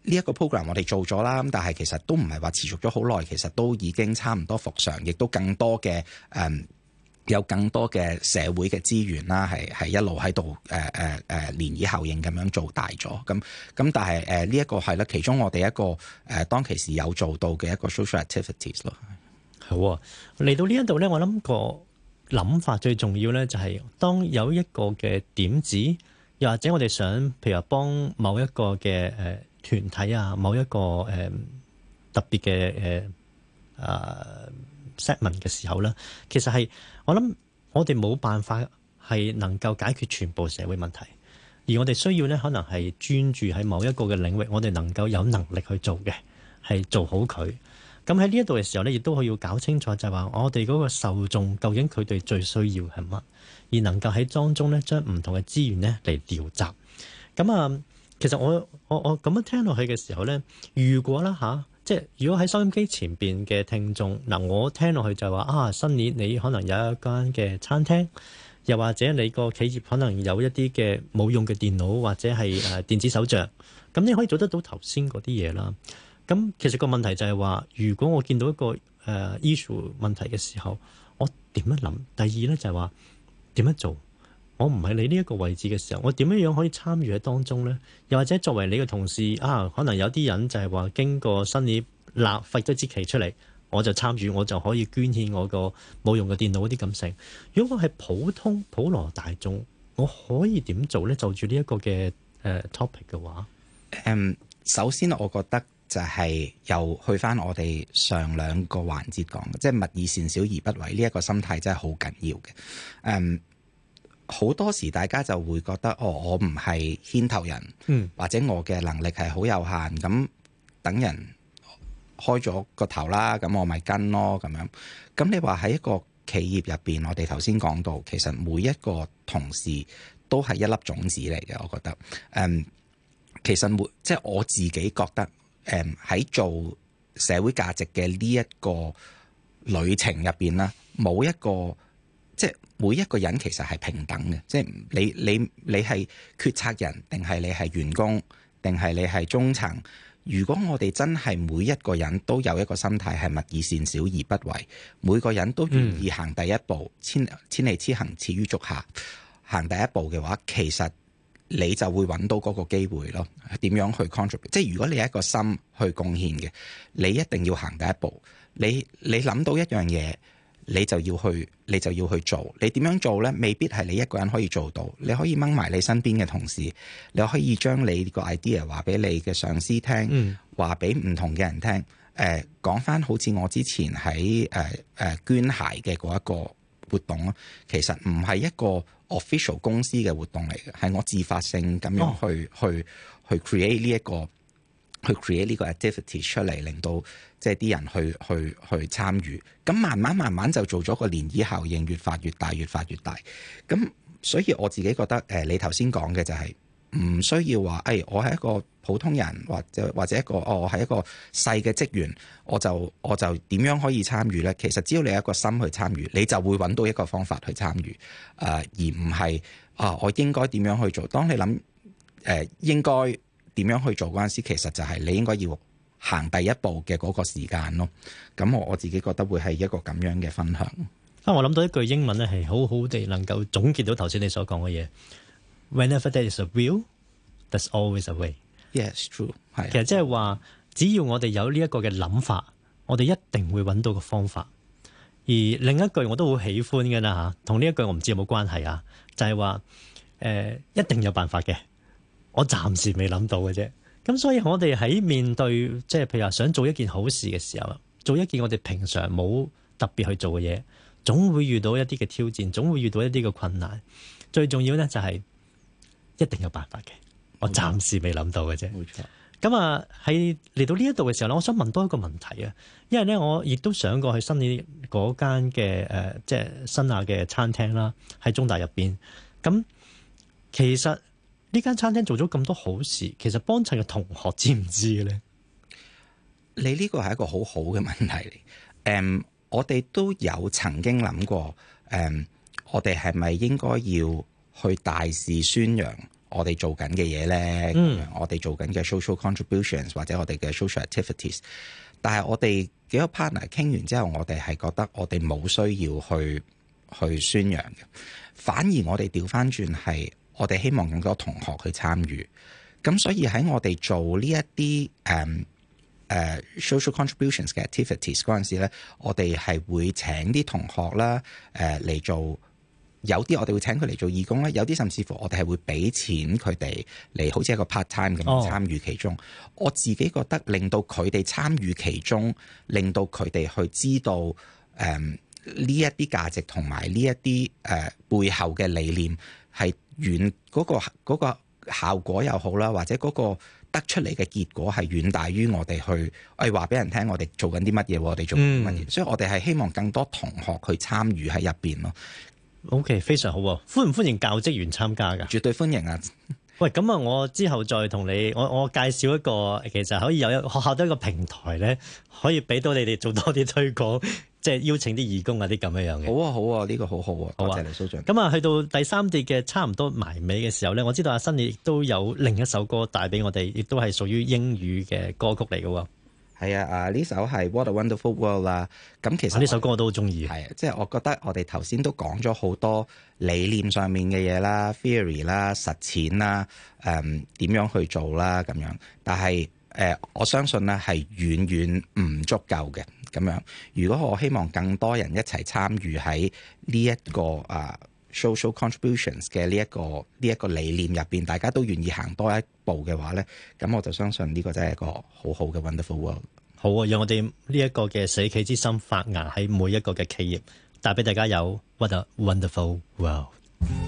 呢一個 program 我哋做咗啦，咁但係其實都唔係話持續咗好耐。其實都已經差唔多復常，亦都更多嘅誒。嗯有更多嘅社會嘅資源啦，係係一路喺度誒誒誒漣漪效應咁樣做大咗，咁咁但係誒呢一個係咧其中我哋一個誒、呃、當其時有做到嘅一個 social activities 咯。好啊，嚟到呢一度咧，我諗個諗法最重要咧、就係，就係當有一個嘅點子，又或者我哋想譬如話幫某一個嘅誒團體啊，某一個誒、呃、特別嘅誒啊 set 文嘅時候咧，其實係。我諗我哋冇辦法係能夠解決全部社會問題，而我哋需要咧，可能係專注喺某一個嘅領域，我哋能夠有能力去做嘅，係做好佢。咁喺呢一度嘅時候咧，亦都要搞清楚，就係話我哋嗰個受眾究竟佢哋最需要係乜，而能夠喺當中咧將唔同嘅資源咧嚟調集。咁啊，其實我我我咁樣聽落去嘅時候咧，如果啦吓。即係如果喺收音機前邊嘅聽眾，嗱，我聽落去就係話啊，新年你可能有一間嘅餐廳，又或者你個企業可能有一啲嘅冇用嘅電腦或者係誒、呃、電子手帳，咁你可以做得到頭先嗰啲嘢啦。咁、嗯、其實個問題就係話，如果我見到一個誒 issue、呃、問題嘅時候，我點樣諗？第二咧就係話點樣做？我唔係你呢一個位置嘅時候，我點樣樣可以參與喺當中呢？又或者作為你嘅同事啊，可能有啲人就係話經過新嘢立發多支期出嚟，我就參與，我就可以捐獻我個冇用嘅電腦啲感性，如果我係普通普羅大眾，我可以點做呢？就住呢一個嘅誒 topic 嘅話，嗯，um, 首先我覺得就係又去翻我哋上兩個環節講，即、就、係、是、勿以善小而不為呢一、這個心態，真係好緊要嘅，嗯。好多時，大家就會覺得哦，我唔係牽頭人，嗯、或者我嘅能力係好有限，咁等人開咗個頭啦，咁我咪跟咯咁樣。咁你話喺一個企業入邊，我哋頭先講到，其實每一個同事都係一粒種子嚟嘅，我覺得。誒、嗯，其實每即係我自己覺得，誒、嗯、喺做社會價值嘅呢一個旅程入邊啦，冇一個。每一個人其實係平等嘅，即係你你你係決策人，定係你係員工，定係你係中層。如果我哋真係每一個人都有一個心態係勿以善小而不為，每個人都願意行第一步，嗯、千千里之行始於足下，行第一步嘅話，其實你就會揾到嗰個機會咯。點樣去 contribute？即係如果你係一個心去貢獻嘅，你一定要行第一步。你你諗到一樣嘢。你就要去，你就要去做。你點樣做呢？未必係你一個人可以做到。你可以掹埋你身邊嘅同事，你可以將你個 idea 話俾你嘅上司聽，話俾唔同嘅人聽。誒、呃，講翻好似我之前喺誒誒捐鞋嘅嗰一個活動咯，其實唔係一個 official 公司嘅活動嚟嘅，係我自發性咁樣去、哦、去去 create 呢、這、一個。去 create 呢個 activity 出嚟，令到即係啲人去去去參與，咁慢慢慢慢就做咗個漣漪效應越發越大，越發越大。咁所以我自己覺得，誒、呃、你頭先講嘅就係、是、唔需要話誒、哎、我係一個普通人，或者或者一個哦我係一個細嘅職員，我就我就點樣可以參與咧？其實只要你有一個心去參與，你就會揾到一個方法去參與誒，而唔係啊，我應該點樣去做？當你諗誒、呃、應該。點樣去做嗰陣時，其實就係你應該要行第一步嘅嗰個時間咯。咁我我自己覺得會係一個咁樣嘅分享。啊，我諗到一句英文咧，係好好地能夠總結到頭先你所講嘅嘢。Whenever there is a will, there's always a way. Yes, true. 係。其實即係話，只要我哋有呢一個嘅諗法，我哋一定會揾到個方法。而另一句我都好喜歡嘅啦吓，同呢一句我唔知有冇關係啊？就係話，誒，一定有辦法嘅。我暫時未諗到嘅啫，咁所以我哋喺面對，即係譬如話想做一件好事嘅時候，做一件我哋平常冇特別去做嘅嘢，總會遇到一啲嘅挑戰，總會遇到一啲嘅困難。最重要呢，就係一定有辦法嘅，我暫時未諗到嘅啫。冇錯。咁啊喺嚟到呢一度嘅時候咧，我想問多一個問題啊，因為呢，我亦都想過去新亞嗰間嘅誒、呃，即係新亞嘅餐廳啦，喺中大入邊。咁其實。呢間餐廳做咗咁多好事，其實幫襯嘅同學知唔知咧？你呢個係一個好好嘅問題嚟。誒、um，我哋都有曾經諗過，誒、um，我哋係咪應該要去大肆宣揚我哋做緊嘅嘢咧？嗯，我哋做緊嘅 social contributions 或者我哋嘅 social activities，但係我哋幾個 partner 傾完之後，我哋係覺得我哋冇需要去去宣揚嘅，反而我哋調翻轉係。我哋希望更多同學去參與，咁所以喺我哋做呢一啲誒誒 social contributions 嘅 activities 嗰陣時咧，我哋係會請啲同學啦，誒嚟做，有啲我哋會請佢嚟做義工咧，有啲甚至乎我哋係會俾錢佢哋嚟，好似一個 part time 咁參與其中。Oh. 我自己覺得令到佢哋參與其中，令到佢哋去知道誒呢、um，一啲價值同埋呢一啲誒、uh，背後嘅理念。係遠嗰個、嗰個效果又好啦，或者嗰個得出嚟嘅結果係遠大於我哋去誒話俾人聽我哋做緊啲乜嘢，我哋做緊乜嘢，嗯、所以我哋係希望更多同學去參與喺入邊咯。O、okay, K，非常好、啊，歡唔歡迎教職員參加噶？絕對歡迎啊！ 喂，咁啊，我之後再同你我我介紹一個，其實可以有一學校一個平台咧，可以俾到你哋做多啲推廣。即係邀請啲義工啊，啲咁樣樣嘅。好啊，好啊，呢、這個好好啊，多、啊、謝你，蘇長。咁啊、嗯，去到第三節嘅差唔多埋尾嘅時候咧，我知道阿新亦都有另一首歌帶俾我哋，亦都係屬於英語嘅歌曲嚟嘅喎。係啊，啊呢首係 What a Wonderful World 啦。咁、啊嗯嗯、其實呢、啊、首歌我都好中意。係、啊，即、就、係、是、我覺得我哋頭先都講咗好多理念上面嘅嘢啦、theory 啦、啊啊、實踐啦、誒、啊、點、嗯、樣去做啦咁樣，但係，誒、呃，我相信咧係遠遠唔足夠嘅咁樣。如果我希望更多人一齊參與喺呢一個啊 social contributions 嘅呢、這、一個呢一、這個理念入邊，大家都願意行多一步嘅話咧，咁我就相信呢個真係一個好好嘅 wonderful world。好啊，讓我哋呢一個嘅社企之心發芽喺每一個嘅企業，帶俾大家有 what a wonderful world。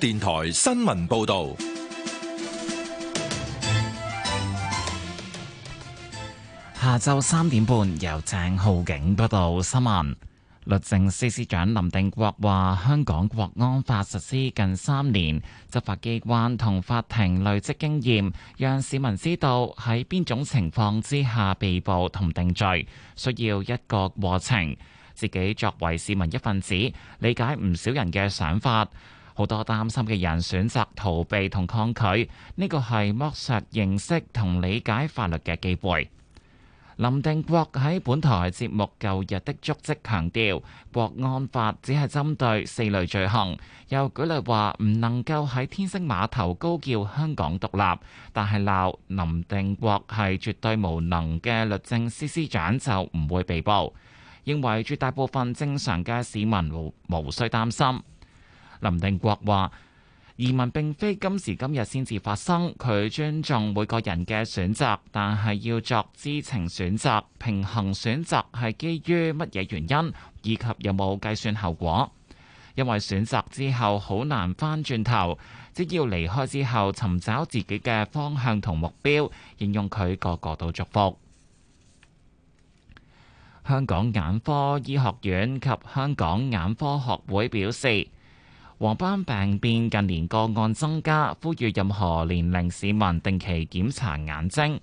電台新聞報道，下晝三點半由鄭浩景報道新聞。律政司司長林定國話，香港國安法實施近三年，執法機關同法庭累積經驗，讓市民知道喺邊種情況之下被捕同定罪需要一個過程。自己作為市民一份子，理解唔少人嘅想法。好多擔心嘅人選擇逃避同抗拒，呢個係剝削認識同理解法律嘅機會。林定國喺本台節目舊日的足跡強調，國安法只係針對四類罪行。又舉例話唔能夠喺天星碼頭高叫香港獨立，但係鬧林定國係絕對無能嘅律政司司長就唔會被捕。認為絕大部分正常嘅市民無無需擔心。林定國話：移民並非今時今日先至發生，佢尊重每個人嘅選擇，但係要作知情選擇、平衡選擇，係基於乜嘢原因，以及有冇計算後果？因為選擇之後好難翻轉頭，只要離開之後，尋找自己嘅方向同目標，形容佢個個都祝福。香港眼科醫學院及香港眼科學會表示。黃斑病變近年個案增加，呼籲任何年齡市民定期檢查眼睛。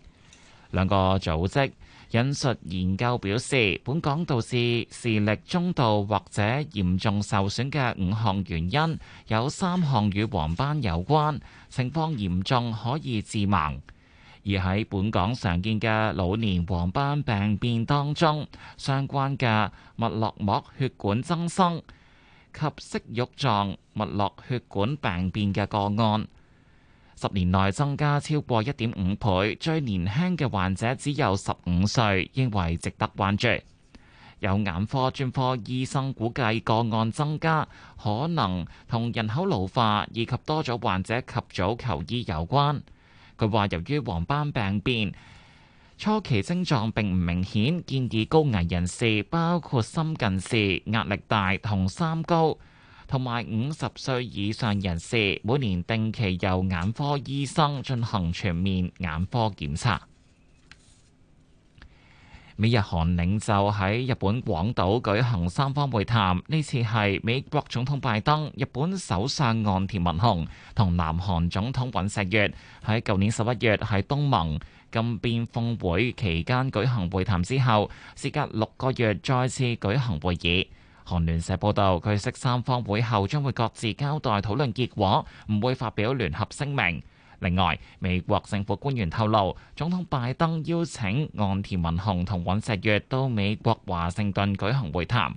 兩個組織引述研究表示，本港導致視力中度或者嚴重受損嘅五項原因，有三項與黃斑有關，情況嚴重可以致盲。而喺本港常見嘅老年黃斑病變當中，相關嘅脈絡膜血管增生。及息肉狀脈絡血管病變嘅個案，十年內增加超過一點五倍，最年輕嘅患者只有十五歲，認為值得關注。有眼科專科醫生估計，個案增加可能同人口老化以及多咗患者及早求醫有關。佢話，由於黃斑病變，初期症狀並唔明顯，建議高危人士包括深近視、壓力大同三高，同埋五十歲以上人士每年定期由眼科醫生進行全面眼科檢查。美日韓領袖喺日本廣島舉行三方會談，呢次係美國總統拜登、日本首相岸田文雄同南韓總統尹錫悅喺舊年十一月喺東盟。金邊峰會期間舉行會談之後，事隔六個月再次舉行會議。韓聯社報導，據悉三方會後將會各自交代討論結果，唔會發表聯合聲明。另外，美國政府官員透露，總統拜登邀請岸田文雄同尹錫悅到美國華盛頓舉行會談。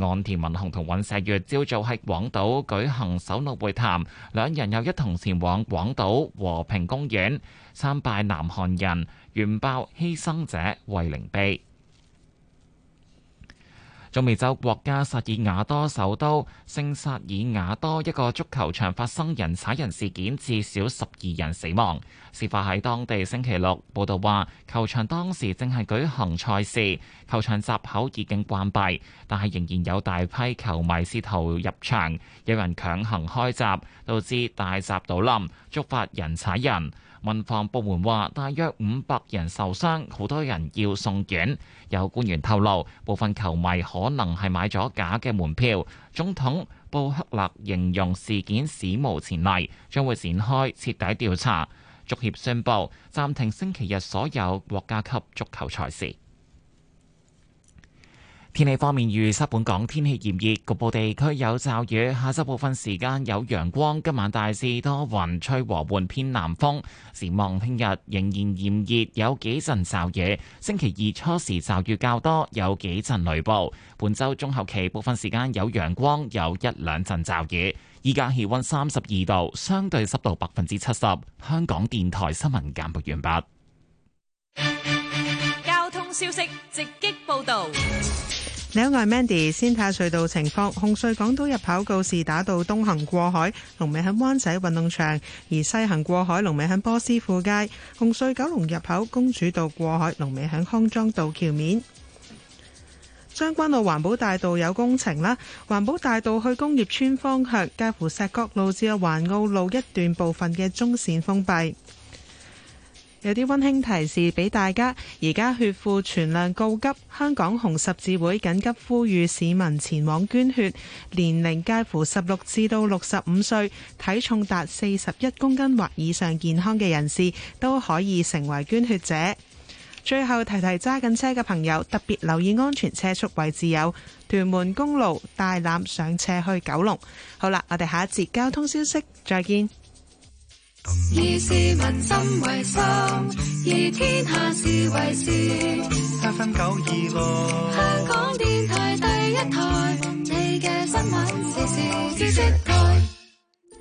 岸田文雄同尹錫悦朝早喺廣島舉行首腦會談，兩人又一同前往廣島和平公園參拜南韓人原爆犧牲者慰靈碑。中美洲國家薩爾瓦多首都聖薩爾瓦多一個足球場發生人踩人事件，至少十二人死亡。事發喺當地星期六。報道話，球場當時正係舉行賽事，球場閘口已經關閉，但係仍然有大批球迷試圖入場，有人強行開閘，導致大閘倒冧，觸發人踩人。民防部門話，大約五百人受傷，好多人要送院。有官員透露，部分球迷可能係買咗假嘅門票。總統布克勒形容事件史無前例，將會展開徹底調查。足協宣布暫停星期日所有國家級足球賽事。天氣方面，預測本港天氣炎熱，局部地區有驟雨。下周部分時間有陽光，今晚大致多雲，吹和緩偏南風。展望聽日仍然炎熱，有幾陣驟雨。星期二初時驟雨較多，有幾陣雷暴。本周中後期部分時間有陽光，有一兩陣驟雨。依家氣溫三十二度，相對濕度百分之七十。香港電台新聞簡報完畢。交通消息直擊報道。你好，我係 Mandy。先睇下隧道情況，紅隧港島入口告士打道東行過海，龍尾喺灣仔運動場；而西行過海，龍尾喺波斯富街。紅隧九龍入口公主道過海，龍尾響康莊道橋面。將軍澳環保大道有工程啦，環保大道去工業村方向介乎石角路至啊環澳路一段部分嘅中線封閉。有啲溫馨提示俾大家，而家血庫存量告急，香港紅十字會緊急呼籲市民前往捐血。年齡介乎十六至到六十五歲，體重達四十一公斤或以上健康嘅人士都可以成為捐血者。最後提提揸緊車嘅朋友，特別留意安全車速位置，有屯門公路大欖上車去九龍。好啦，我哋下一節交通消息，再見。以市民心為心，以天下事為事。開翻九二六，香港電台第一台，你嘅新聞時事知識台。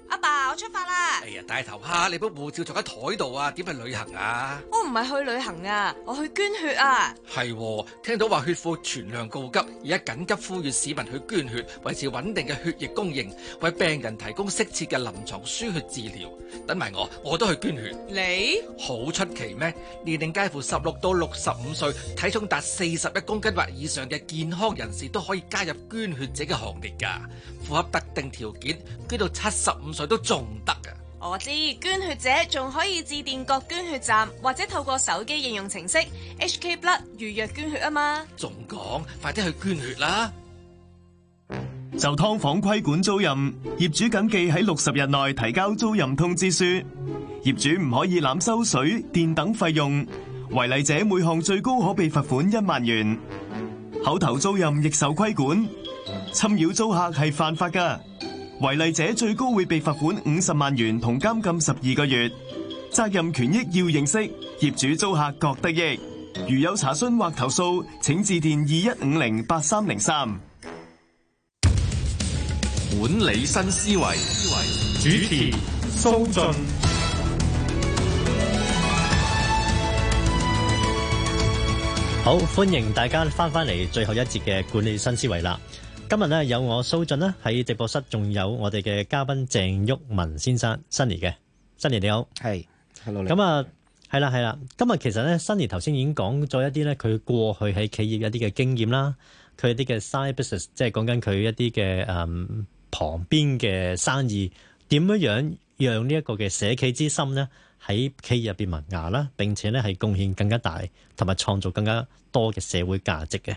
阿爸，爸，我出發啦！哎呀，大頭蝦，你本護照坐喺枱度啊，點去旅行啊？我唔係去旅行啊，我去捐血啊！係，聽到話血庫存量告急，而家緊急呼籲市民去捐血，維持穩定嘅血液供應，為病人提供適切嘅臨床輸血治療。等埋我，我都去捐血。你好出奇咩？年齡介乎十六到六十五歲，體重達四十一公斤或以上嘅健康人士都可以加入捐血者嘅行列㗎。符合特定條件，捐到七十五。水都仲得嘅，我知捐血者仲可以致電各捐血站或者透過手機應用程式 HK Blood 預約捐血啊嘛。仲講，快啲去捐血啦！就劏房規管租賃，業主緊記，喺六十日內提交租賃通知書。業主唔可以攬收水電等費用，違例者每項最高可被罰款一萬元。口頭租賃亦受規管，侵擾租客係犯法噶。違例者最高會被罰款五十萬元同監禁十二個月。責任權益要認識，業主租客各得益。如有查詢或投訴，請致電二一五零八三零三。管理新思維，主持蘇俊。好，歡迎大家翻翻嚟最後一節嘅管理新思維啦。今日咧有我蘇俊啦。喺直播室，仲有我哋嘅嘉賓鄭旭文先生 Sunny 嘅，Sunny 你好，係 Hey. Hello.，咁啊，係啦係啦，今日其實咧，Sunny 頭先已經講咗一啲咧，佢過去喺企業一啲嘅經驗啦，佢一啲嘅 side business，即係講緊佢一啲嘅誒旁邊嘅生意，點樣樣讓呢一個嘅社企之心咧喺企業入邊萌芽啦，並且咧係貢獻更加大，同埋創造更加多嘅社會價值嘅。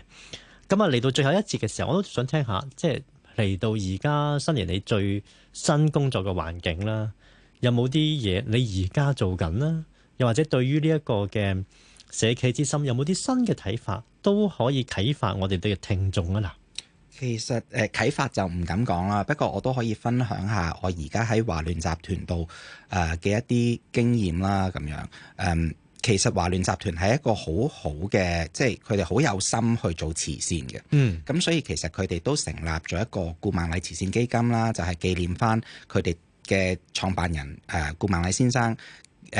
咁啊，嚟到最後一節嘅時候，我都想聽下，即係嚟到而家新年你最新工作嘅環境啦，有冇啲嘢你而家做緊啦？又或者對於呢一個嘅社企之心，有冇啲新嘅睇法都可以啟發我哋嘅聽眾啊！嗱，其實誒啟發就唔敢講啦，不過我都可以分享下我而家喺華聯集團度誒嘅一啲經驗啦，咁樣誒。嗯。其實華聯集團係一個好好嘅，即係佢哋好有心去做慈善嘅。嗯，咁所以其實佢哋都成立咗一個顧萬禮慈善基金啦，就係紀念翻佢哋嘅創辦人誒顧萬禮先生誒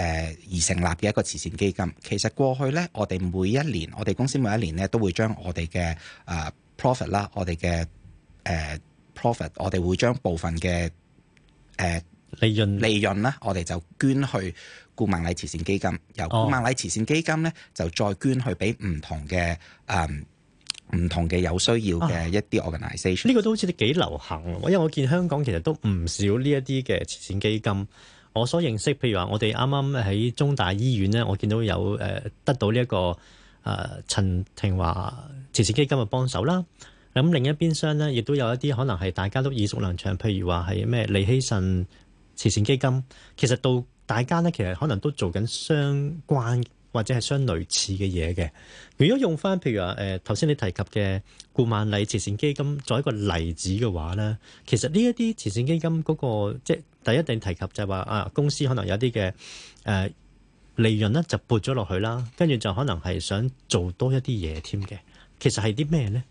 而成立嘅一個慈善基金。其實過去呢，我哋每一年，我哋公司每一年咧都會將我哋嘅誒 profit 啦，我哋嘅誒 profit，我哋會將部分嘅誒利潤利潤咧，我哋就捐去。顧萬禮慈善基金，由顧萬禮慈善基金咧、哦、就再捐去俾唔同嘅誒，唔、嗯、同嘅有需要嘅一啲 organisation。呢、啊這個都好似都幾流行，因為我見香港其實都唔少呢一啲嘅慈善基金。我所認識，譬如話我哋啱啱喺中大醫院咧，我見到有誒、呃、得到呢、這、一個誒陳廷驊慈善基金嘅幫手啦。咁另一邊廂咧，亦都有一啲可能係大家都耳熟能詳，譬如話係咩利希慎慈善基金，其實到。大家咧，其實可能都做緊相關或者係相類似嘅嘢嘅。如果用翻譬如話，誒頭先你提及嘅顧萬麗慈善基金作為一個例子嘅話咧，其實呢一啲慈善基金嗰、那個即係第一，定提及就係話啊，公司可能有啲嘅誒利潤咧，就撥咗落去啦，跟住就可能係想做多一啲嘢添嘅。其實係啲咩咧？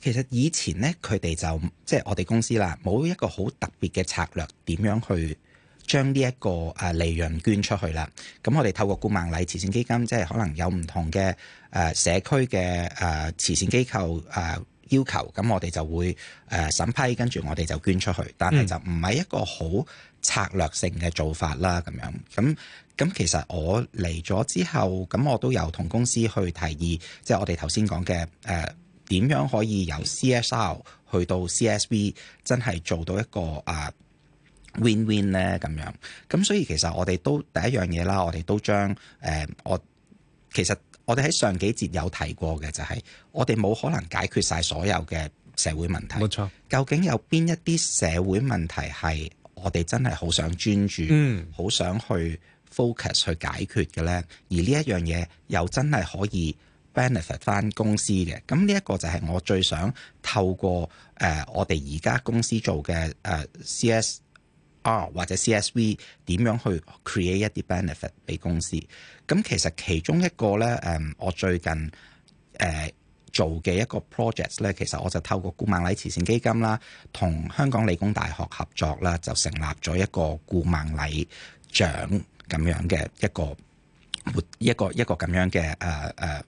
其實以前咧，佢哋就即係、就是、我哋公司啦，冇一個好特別嘅策略，點樣去？將呢一個誒利潤捐出去啦，咁我哋透過顧萬禮慈善基金，即係可能有唔同嘅誒社區嘅誒慈善機構誒要求，咁我哋就會誒審批，跟住我哋就捐出去，但係就唔係一個好策略性嘅做法啦，咁樣咁咁其實我嚟咗之後，咁我都有同公司去提議，即係我哋頭先講嘅誒點樣可以由 CSR 去到 CSV，真係做到一個啊～、呃 win win 咧，咁樣，咁所以其實我哋都第一樣嘢啦，我哋都將誒、呃、我其實我哋喺上幾節有提過嘅、就係，就係我哋冇可能解決晒所有嘅社會問題。冇錯，究竟有邊一啲社會問題係我哋真係好想專注，嗯，好想去 focus 去解決嘅咧？而呢一樣嘢又真係可以 benefit 翻公司嘅。咁呢一個就係我最想透過誒、呃、我哋而家公司做嘅誒、呃、CS。哦、或者 CSV 點樣去 create 一啲 benefit 俾公司？咁其實其中一個咧，誒、嗯，我最近誒、呃、做嘅一個 projects 咧，其實我就透過顧萬禮慈善基金啦，同香港理工大學合作啦，就成立咗一個顧萬禮獎咁樣嘅一個活一個一個咁樣嘅誒誒，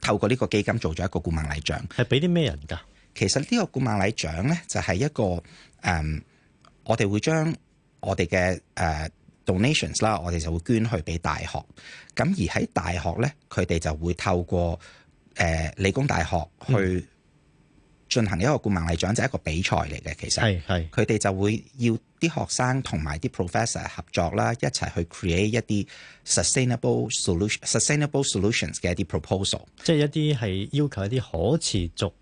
透過呢個基金做咗一個顧萬禮獎，係俾啲咩人㗎？其實呢個顧萬禮獎咧，就係一個誒。嗯我哋會將我哋嘅誒 donations 啦，我哋就會捐去俾大學。咁而喺大學咧，佢哋就會透過誒、uh, 理工大學去進行一個顧問例獎，就係、是、一個比賽嚟嘅。其實係係，佢哋就會要啲學生同埋啲 professor 合作啦，一齊去 create 一啲 sustainable solution、sustainable solutions 嘅一啲 proposal，即係一啲係要求一啲可持續。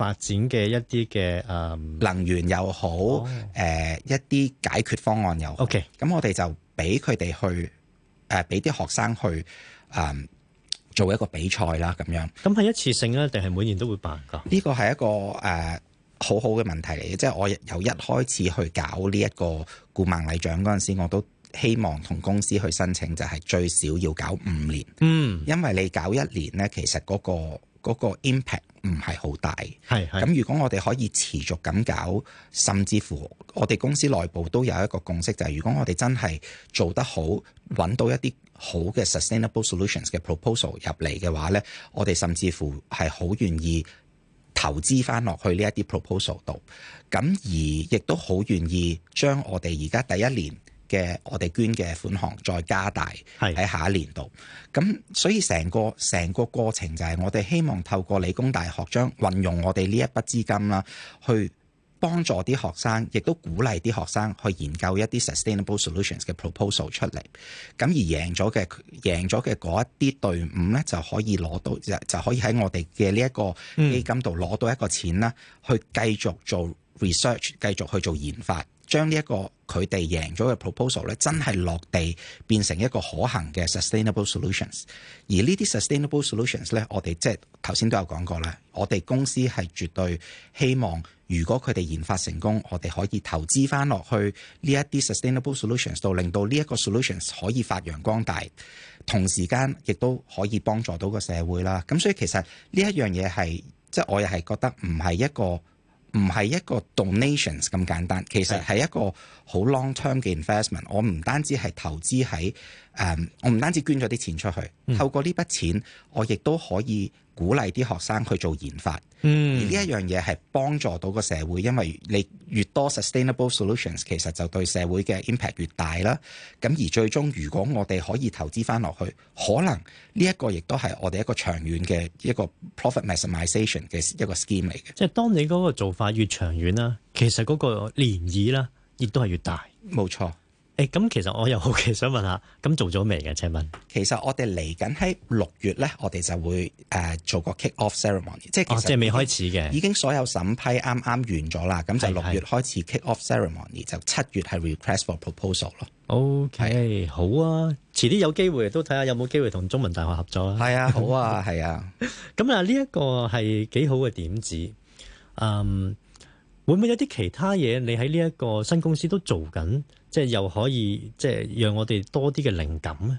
發展嘅一啲嘅誒能源又好，誒、oh. 呃、一啲解決方案又好。OK，咁我哋就俾佢哋去誒，俾、呃、啲學生去誒、呃、做一個比賽啦，咁樣。咁係一次性啊，定係每年都會辦噶？呢個係一個誒、呃、好好嘅問題嚟嘅，即、就、係、是、我由一開始去搞呢一個顧萬禮獎嗰陣時，我都希望同公司去申請，就係最少要搞五年。嗯，mm. 因為你搞一年呢，其實嗰、那個。嗰個 impact 唔係好大，係係的。咁如果我哋可以持續咁搞，甚至乎我哋公司內部都有一個共識，就係、是、如果我哋真係做得好，揾到一啲好嘅 sustainable solutions 嘅 proposal 入嚟嘅話咧，我哋甚至乎係好願意投資翻落去呢一啲 proposal 度。咁而亦都好願意將我哋而家第一年。嘅我哋捐嘅款項再加大，係喺的下一年度。咁所以成個成個過程就係我哋希望透過理工大學將運用我哋呢一筆資金啦，去幫助啲學生，亦都鼓勵啲學生去研究一啲 sustainable solutions 嘅 proposal 出嚟。咁而贏咗嘅贏咗嘅嗰一啲隊伍咧，就可以攞到就就可以喺我哋嘅呢一個基金度攞到一個錢啦，嗯、去繼續做 research，繼續去做研發，將呢一個。佢哋贏咗嘅 proposal 咧，真係落地變成一個可行嘅 sustainable solutions。而呢啲 sustainable solutions 咧，我哋即係頭先都有講過啦。我哋公司係絕對希望，如果佢哋研發成功，我哋可以投資翻落去呢一啲 sustainable solutions 度，令到呢一個 solutions 可以發揚光大，同時間亦都可以幫助到個社會啦。咁所以其實呢一樣嘢係，即係我又係覺得唔係一個。唔係一個 donations 咁簡單，其實係一個好 long term 嘅 investment。我唔單止係投資喺誒，um, 我唔單止捐咗啲錢出去，透過呢筆錢，我亦都可以。鼓勵啲學生去做研發，嗯、而呢一樣嘢係幫助到個社會，因為你越，越多 sustainable solutions，其實就對社會嘅 impact 越大啦。咁而最終，如果我哋可以投資翻落去，可能呢一個亦都係我哋一個長遠嘅一個 profit maximization 嘅一個 scheme 嚟嘅。即係當你嗰個做法越長遠啦，其實嗰個漣漪啦，亦都係越大。冇錯。咁其實我又好奇想問下，咁做咗未嘅？請問，其實我哋嚟緊喺六月咧，我哋就會誒做個 kick off ceremony，即係其實即係未開始嘅，已經所有審批啱啱完咗啦，咁就六月開始 kick off ceremony，就七月係 request for proposal 咯。O Okay , K，是好啊，遲啲有機會都睇下有冇機會同中文大學合作啦。係 啊，好啊，係啊，咁啊呢一個係幾好嘅點子。嗯，會唔會有啲其他嘢你喺呢一個新公司都做緊？即係又可以，即係讓我哋多啲嘅靈感啊！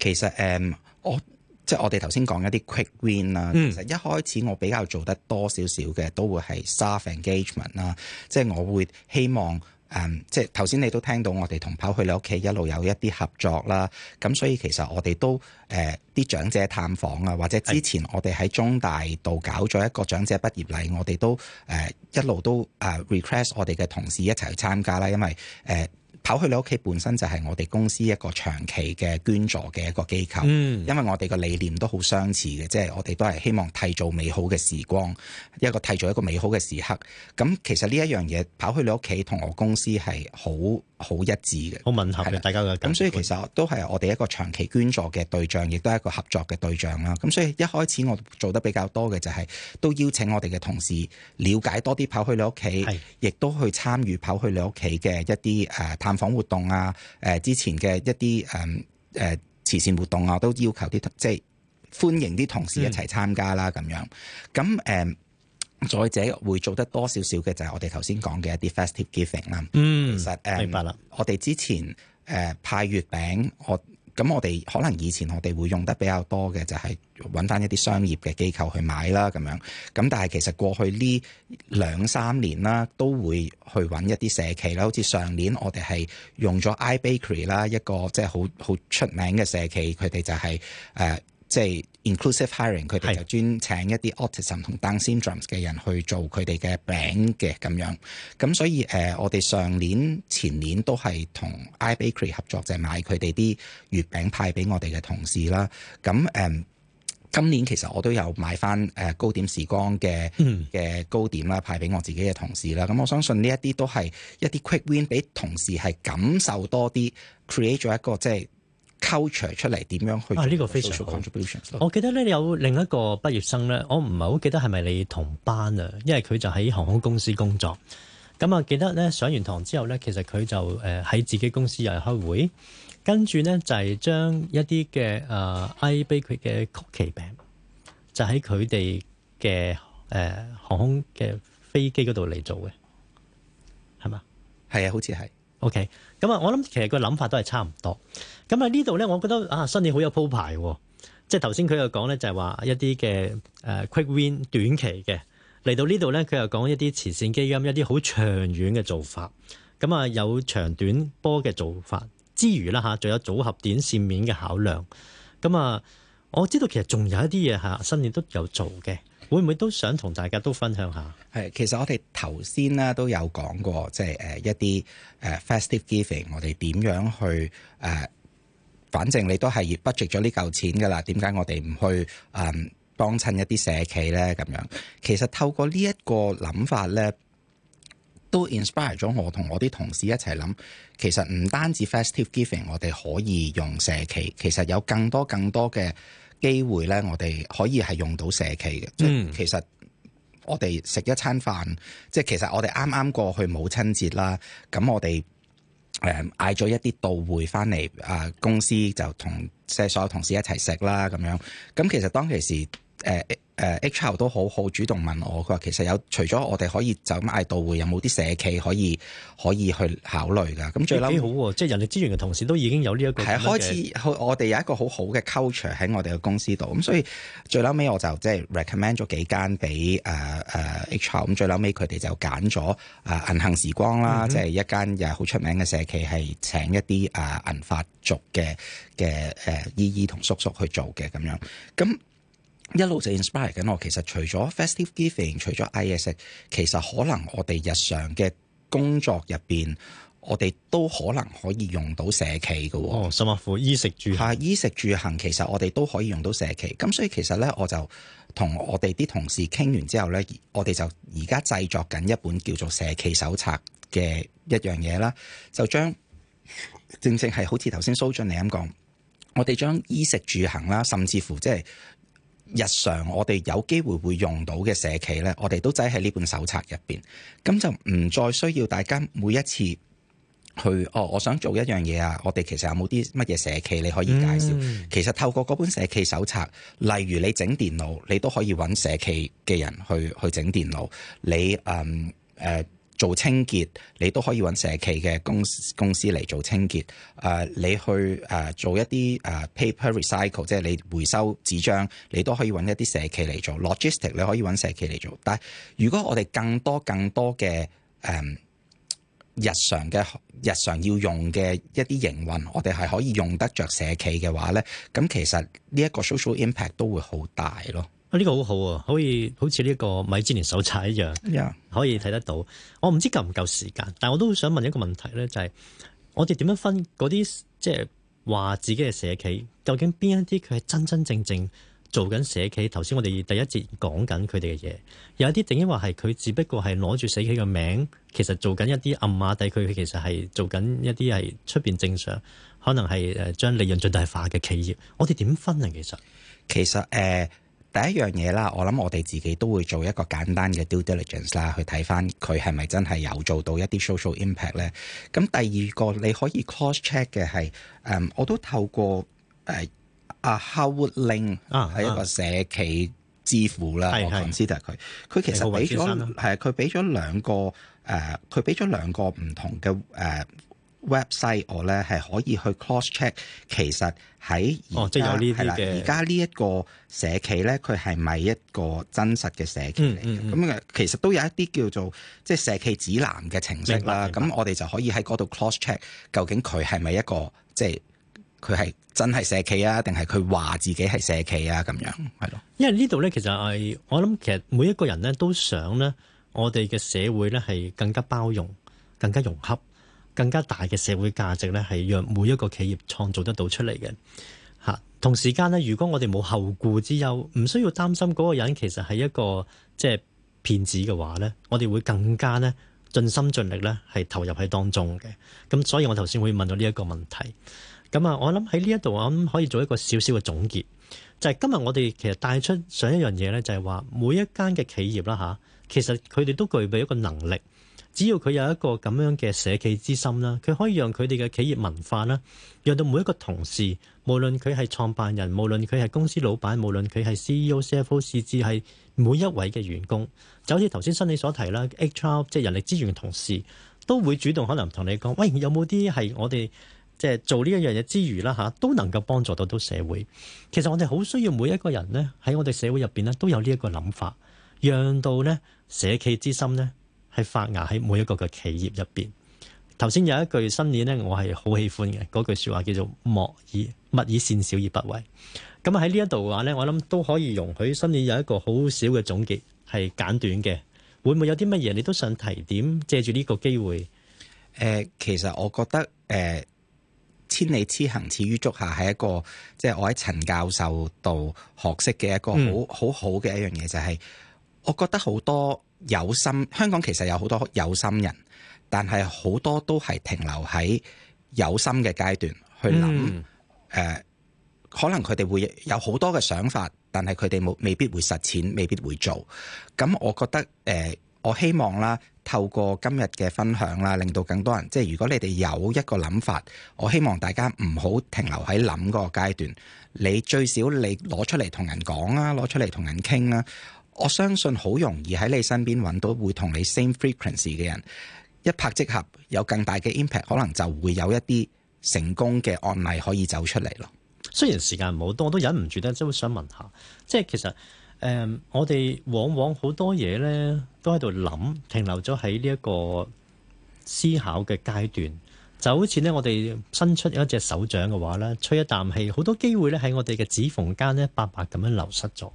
其實誒，我即係我哋頭先講一啲 quick win 啦。其實一開始我比較做得多少少嘅，都會係 soft engagement 啦。即係我會希望誒、嗯，即係頭先你都聽到我哋同跑去你屋企一路有一啲合作啦。咁所以其實我哋都誒啲、呃、長者探訪啊，或者之前我哋喺中大度搞咗一個長者畢業禮，的我哋都誒、呃、一路都誒 request 我哋嘅同事一齊去參加啦，因為誒。呃跑去你屋企本身就係我哋公司一個長期嘅捐助嘅一個機構，因為我哋個理念都好相似嘅。即係我哋都係希望締造美好嘅時光，一個締造一個美好嘅時刻。咁其實呢一樣嘢跑去你屋企同我公司係好。好一致嘅，好吻合嘅，的大家咁，所以其實都係我哋一個長期捐助嘅對象，亦都係一個合作嘅對象啦。咁所以一開始我做得比較多嘅就係都邀請我哋嘅同事了解多啲跑去你屋企，亦是的 都去參與跑去你屋企嘅一啲誒探訪活動啊，誒、呃、之前嘅一啲誒誒慈善活動我都要求啲即係歡迎啲同事一齊參加啦，咁、嗯、樣咁誒。再者會做得多少少嘅就係我哋頭先講嘅一啲 festive giving 啦。嗯，其實誒，um, 明白啦，我哋之前誒、呃、派月餅，我咁我哋可能以前我哋會用得比較多嘅就係揾翻一啲商業嘅機構去買啦咁樣。咁但係其實過去呢兩三年啦，都會去揾一啲社企啦，好似上年我哋係用咗 iBakery 啦，一個即係好好出名嘅社企，佢哋就係、是、誒。呃即係 inclusive hiring，佢哋就專請一啲 autism 同 down syndrome 嘅人去做佢哋嘅餅嘅咁樣。咁所以誒、呃，我哋上年前年都係同 I bakery 合作，就係、是、買佢哋啲月餅派俾我哋嘅同事啦。咁誒、呃，今年其實我都有買翻誒、呃、糕點時光嘅嘅糕點啦，派俾我自己嘅同事啦。咁、嗯、我相信呢一啲都係一啲 quick win，俾同事係感受多啲，create 咗一個即係。culture 出嚟點樣去做啊，呢、呢個非常我記得咧，有另一個畢業生咧，我唔係好記得係咪你同班啊？因為佢就喺航空公司工作咁啊。我記得咧上完堂之後咧，其實佢就誒喺自己公司又嚟開會，跟住咧就係將一啲嘅誒 I. b a 嘅曲奇餅就喺佢哋嘅誒航空嘅飛機嗰度嚟做嘅，係嘛？係啊，好似係 OK。咁啊，我諗其實個諗法都係差唔多。咁喺呢度咧，我覺得啊，新年好有鋪排喎，啊！即係頭先佢又講咧，就係話一啲嘅誒 quick win 短期嘅。嚟到呢度咧，佢又講一啲慈善基金、一啲好長遠嘅做法。咁啊，有長短波嘅做法之餘啦、啊、嚇，仲有組合短線面嘅考量。咁啊，我知道其實仲有一啲嘢嚇，新年都有做嘅，會唔會都想同大家都分享下？係，其實我哋頭先咧都有講過，即係誒一啲誒 festive giving，我哋點樣去誒？呃反正你都係 budget 咗呢嚿錢㗎啦，點解我哋唔去誒幫襯一啲社企咧？咁樣其實透過呢一個諗法咧，都 inspire 咗我同我啲同事一齊諗，其實唔單止 festive giving 我哋可以用社企，其實有更多更多嘅機會咧，我哋可以係用到社企嘅。嗯，即係其實我哋食一餐飯，即係其實我哋啱啱過去母親節啦，咁我哋。誒嗌咗一啲到會返嚟，啊公司就同即係所有同事一齊食啦，咁樣。咁其實當其時，誒、呃。誒 HR 都好好主動問我，佢話其實有除咗我哋可以就咁嗌到會，有冇啲社企可以可以去考慮噶？咁最後好即係人力資源嘅同事都已經有呢、這、一個係對開始，我哋有一個好好嘅 culture 喺我哋嘅公司度。咁、嗯、所以最後尾我就即係 recommend 咗幾間俾誒誒 HR。咁最後尾佢哋就揀咗誒銀杏時光啦，即係、嗯、一間又好出名嘅社企，係請一啲誒、uh, 銀髮族嘅嘅誒姨姨同叔叔去做嘅咁樣。咁一路就 inspire 緊我。其實除咗 festive giving，除咗 I S，其實可能我哋日常嘅工作入邊，我哋都可能可以用到社企嘅。哦，甚至乎，衣食住行。係，衣食住行，其實我哋都可以用到社企。咁所以其實咧，我就同我哋啲同事傾完之後咧，我哋就而家製作緊一本叫做《社企手冊》嘅一樣嘢啦，就將正正係好似頭先蘇俊你咁講，我哋將衣食住行啦，甚至乎即係。日常我哋有機會會用到嘅社企呢，我哋都擠喺呢本手冊入邊，咁就唔再需要大家每一次去哦，我想做一樣嘢啊，我哋其實有冇啲乜嘢社企你可以介紹？嗯、其實透過嗰本社企手冊，例如你整電腦，你都可以揾社企嘅人去去整電腦，你嗯誒。Um, uh, 做清潔，你都可以揾社企嘅公司公司嚟做清潔。誒、uh，你去誒、uh, 做一啲誒 paper recycle，即係你回收紙張，你都可以揾一啲社企嚟做 logistic，你可以揾社企嚟做。但係如果我哋更多更多嘅誒、um, 日常嘅日常要用嘅一啲營運，我哋係可以用得着社企嘅話咧，咁其實呢一個 social impact 都會好大咯。呢個好好啊，可以好似呢個米芝蓮手札一樣，Yeah. 可以睇得到。我唔知夠唔夠時間，但我都想問一個問題咧，就係、是、我哋點樣分嗰啲即係話自己嘅社企，究竟邊一啲佢係真真正正做緊社企？頭先我哋第一節講緊佢哋嘅嘢，有一啲定義話係佢只不過係攞住社企嘅名，其實做緊一啲暗啞底，佢其實係做緊一啲係出邊正常，可能係誒將利潤最大化嘅企業。我哋點分啊？其實其實誒。呃第一樣嘢啦，我諗我哋自己都會做一個簡單嘅 due diligence 啦，去睇返佢係咪真係有做到一啲 social impact 咧？咁第二個你可以 cross check 嘅係，誒、嗯，我都透過誒、呃 uh, 啊 Howling 係一個社企支付啦，公司就係佢，佢是其實俾咗係佢俾咗兩個誒，佢俾咗兩個唔同嘅誒。呃 website 我咧係可以去 cross check，其實喺、哦、即而家係啦，而家呢一個社企咧，佢係咪一個真實嘅社企嚟嘅？咁、嗯嗯、其實都有一啲叫做即係社企指南嘅程式啦。咁我哋就可以喺嗰度 cross check，究竟佢係咪一個即係佢係真係社企啊，定係佢話自己係社企啊？咁樣係咯。因為呢度咧，其實係我諗，其實每一個人咧都想咧，我哋嘅社會咧係更加包容、更加融合。更加大嘅社會價值咧，係讓每一個企業創造得到出嚟嘅嚇。同時間咧，如果我哋冇後顧之憂，唔需要擔心嗰個人其實係一個即係騙子嘅話咧，我哋會更加咧盡心盡力咧係投入喺當中嘅。咁所以，我頭先會問到呢一個問題。咁啊，我諗喺呢一度，我諗可以做一個少少嘅總結，就係今日我哋其實帶出上一樣嘢咧，就係話每一間嘅企業啦嚇啊，其實佢哋都具備一個能力。只要佢有一個咁樣嘅社企之心啦，佢可以讓佢哋嘅企業文化啦，讓到每一個同事，無論佢係創辦人，無論佢係公司老闆，無論佢係 CEO、CFO，甚至係每一位嘅員工，就好似頭先新你所提啦，HR 即係人力資源嘅同事，都會主動可能同你講，喂，有冇啲係我哋即係做呢一樣嘢之餘啦，嚇都能夠幫助到到社會。其實我哋好需要每一個人呢，喺我哋社會入邊呢，都有呢一個諗法，讓到呢社企之心呢。發芽喺每一個嘅企業入邊。頭先有一句新年咧，我係好喜歡嘅嗰句說話，叫做莫以勿以善小而不為。咁喺呢一度嘅話咧，我諗都可以容許新年有一個好少嘅總結，係簡短嘅。會唔會有啲乜嘢你都想提點？借住呢個機會，誒，其實我覺得誒，千里之行，始於足下係一個，即係我喺陳教授度學識嘅一個好好好嘅一樣嘢，嗯、就係我覺得好多。有心，香港其實有好多有心人，但係好多都係停留喺有心嘅階段去諗。誒、嗯呃，可能佢哋會有好多嘅想法，但係佢哋冇未必會實踐，未必會做。咁我覺得誒、呃，我希望啦，透過今日嘅分享啦，令到更多人，即係如果你哋有一個諗法，我希望大家唔好停留喺諗嗰個階段，你最少你攞出嚟同人講啦，攞出嚟同人傾啦。我相信好容易喺你身邊揾到會同你 same frequency 嘅人一拍即合，有更大嘅 impact，可能就會有一啲成功嘅案例可以走出嚟咯。雖然時間唔好多，我都忍唔住咧，即係想問下，即係其實誒、呃，我哋往往好多嘢咧都喺度諗，停留咗喺呢一個思考嘅階段，就好似咧我哋伸出一隻手掌嘅話咧，吹一啖氣，好多機會咧喺我哋嘅指縫間咧白白咁樣流失咗。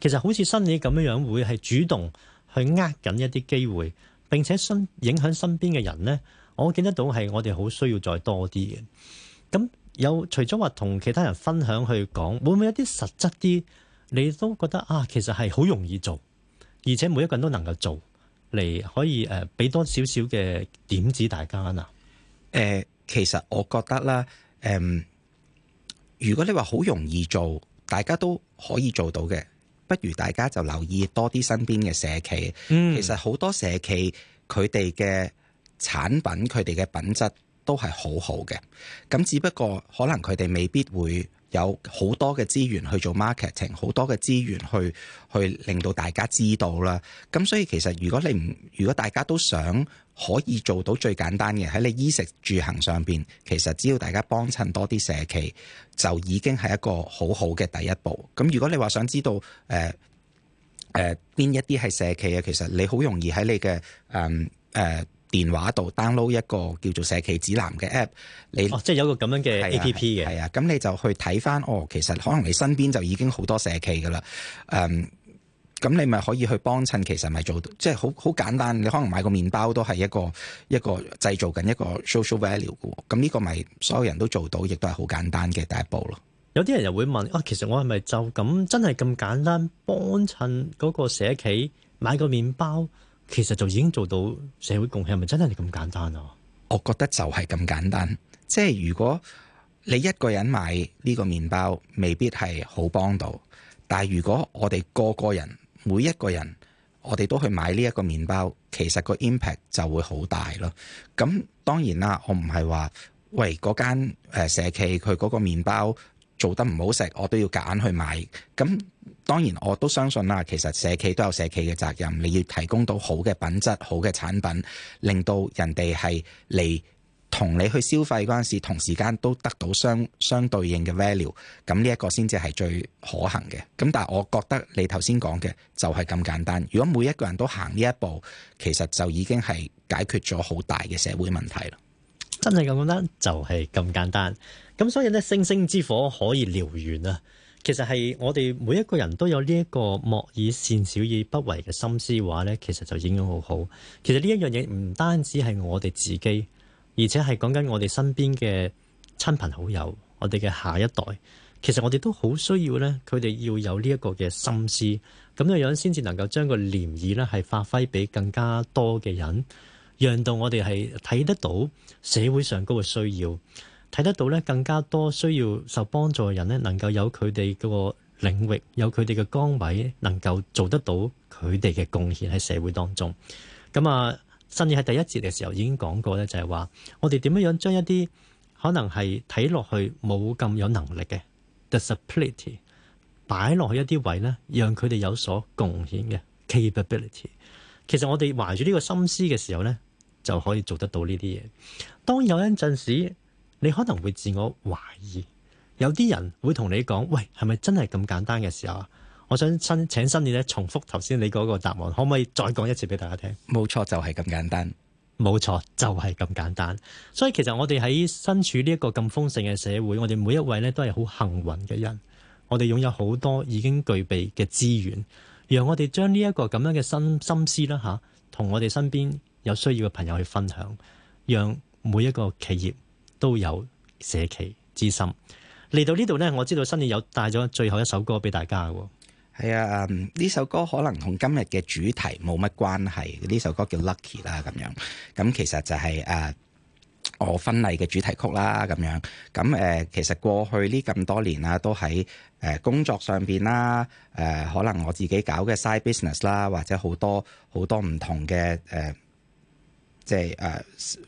其實好似心理咁樣樣，會係主動去呃緊一啲機會，並且影響身影響身邊嘅人咧。我見得到係我哋好需要再多啲嘅。咁有除咗話同其他人分享去講，會唔會一啲實質啲？你都覺得啊，其實係好容易做，而且每一個人都能夠做嚟，你可以誒俾多少少嘅點子大家啊？誒、呃，其實我覺得啦，誒、呃，如果你話好容易做，大家都可以做到嘅。不如大家就留意多啲身邊嘅社企，嗯，其實好多社企佢哋嘅產品，佢哋嘅品質都係好好嘅，咁只不過可能，佢哋未必會有好多嘅資源去做 marketing，好多嘅資源去去令到大家知道啦。咁所以其實如果你唔，如果大家都想。可以做到最簡單嘅喺你衣食住行上邊，其實只要大家幫襯多啲社企，就已經係一個好好嘅第一步。咁如果你話想知道誒誒邊一啲係社企呀，其實你好容易喺你嘅誒誒電話度 download 一個叫做社企指南嘅 app 你。你哦，即係有個咁樣嘅 app 嘅，係啊。咁、啊啊、你就去睇翻哦，其實可能你身邊就已經好多社企噶啦。嗯。咁你咪可以去幫襯，其實咪做到，即係好好簡單，你可能買個麵包都係一個一個製造緊一個 social value 嘅。咁、這、呢個咪所有人都做到，亦都係好簡單嘅第一步咯。有啲人又會問啊，其實我係咪就咁真係咁簡單幫襯嗰個社企買個麵包？其實就已經做到社會貢獻係咪真係咁簡單咯、啊，我覺得就係咁簡單，即係如果你一個人買呢個麵包，未必係好幫到；但係如果我哋個個人每一個人，我哋都去買呢一個麵包，其實個 impact 就會好大咯。咁當然啦，我唔係話，喂嗰間社企佢嗰個麵包做得唔好食，我都要夾硬去買。咁當然我都相信啦，其實社企都有社企嘅責任，你要提供到好嘅品質、好嘅產品，令到人哋係嚟。同你去消費嗰陣時，同時間都得到相相對應嘅 value，咁呢一個先至係最可行嘅。咁但係我覺得你頭先講嘅就係咁簡單。如果每一個人都行呢一步，其實就已經係解決咗好大嘅社會問題啦。真係咁簡單，就係咁簡單。咁、就是、所以呢，星星之火可以燎原啊。其實係我哋每一個人都有呢一個莫以善小而不為嘅心思嘅話咧，其實就已經好好。其實呢一樣嘢唔單止係我哋自己。而且係講緊我哋身邊嘅親朋好友，我哋嘅下一代，其實我哋都好需要呢，佢哋要有呢一個嘅心思，咁嘅樣先至能夠將個漣漪呢係發揮俾更加多嘅人，讓到我哋係睇得到社會上嗰個需要，睇得到呢更加多需要受幫助嘅人呢，能夠有佢哋個領域，有佢哋嘅崗位，能夠做得到佢哋嘅貢獻喺社會當中，咁啊～甚至喺第一節嘅時候已經講過咧，就係話我哋點樣樣將一啲可能係睇落去冇咁有能力嘅 disability 擺落去一啲位咧，讓佢哋有所貢獻嘅 capability。其實我哋懷住呢個心思嘅時候咧，就可以做得到呢啲嘢。當有一陣時，你可能會自我懷疑，有啲人會同你講，喂，係咪真係咁簡單嘅時候啊？我想新請新年咧，重複頭先你嗰個答案，可唔可以再講一次俾大家聽？冇錯，就係咁簡單。冇錯，就係咁簡單。所以其實我哋喺身處呢一個咁豐盛嘅社會，我哋每一位咧都係好幸運嘅人。我哋擁有好多已經具備嘅資源，讓我哋將呢一個咁樣嘅心心思啦吓，同我哋身邊有需要嘅朋友去分享，讓每一個企業都有社企之心。嚟到呢度呢，我知道新年有帶咗最後一首歌俾大家嘅。係啊，呢首歌可能同今日嘅主題冇乜關係。呢首歌叫 Lucky 啦，咁樣咁其實就係、是、誒、呃、我婚禮嘅主題曲啦，咁樣咁誒、呃，其實過去呢咁多年啦、啊，都喺誒工作上邊啦、啊，誒、呃、可能我自己搞嘅 side business 啦，或者好多好多唔同嘅誒。呃即係誒、uh,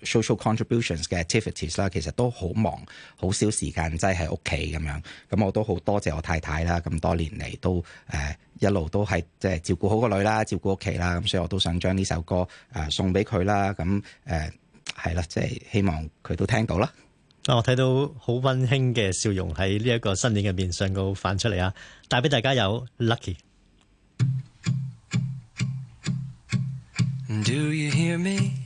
social contributions 嘅 activities 啦，其實都好忙，好少時間擠喺屋企咁樣。咁我都好多謝我太太啦，咁多年嚟都誒、呃、一路都係即係照顧好個女啦，照顧屋企啦。咁所以我都想將呢首歌誒、呃、送俾佢啦。咁誒係啦，即係希望佢都聽到啦。哦、我睇到好温馨嘅笑容喺呢一個新年嘅面上度反出嚟啊！帶俾大家有 lucky。Do you hear me?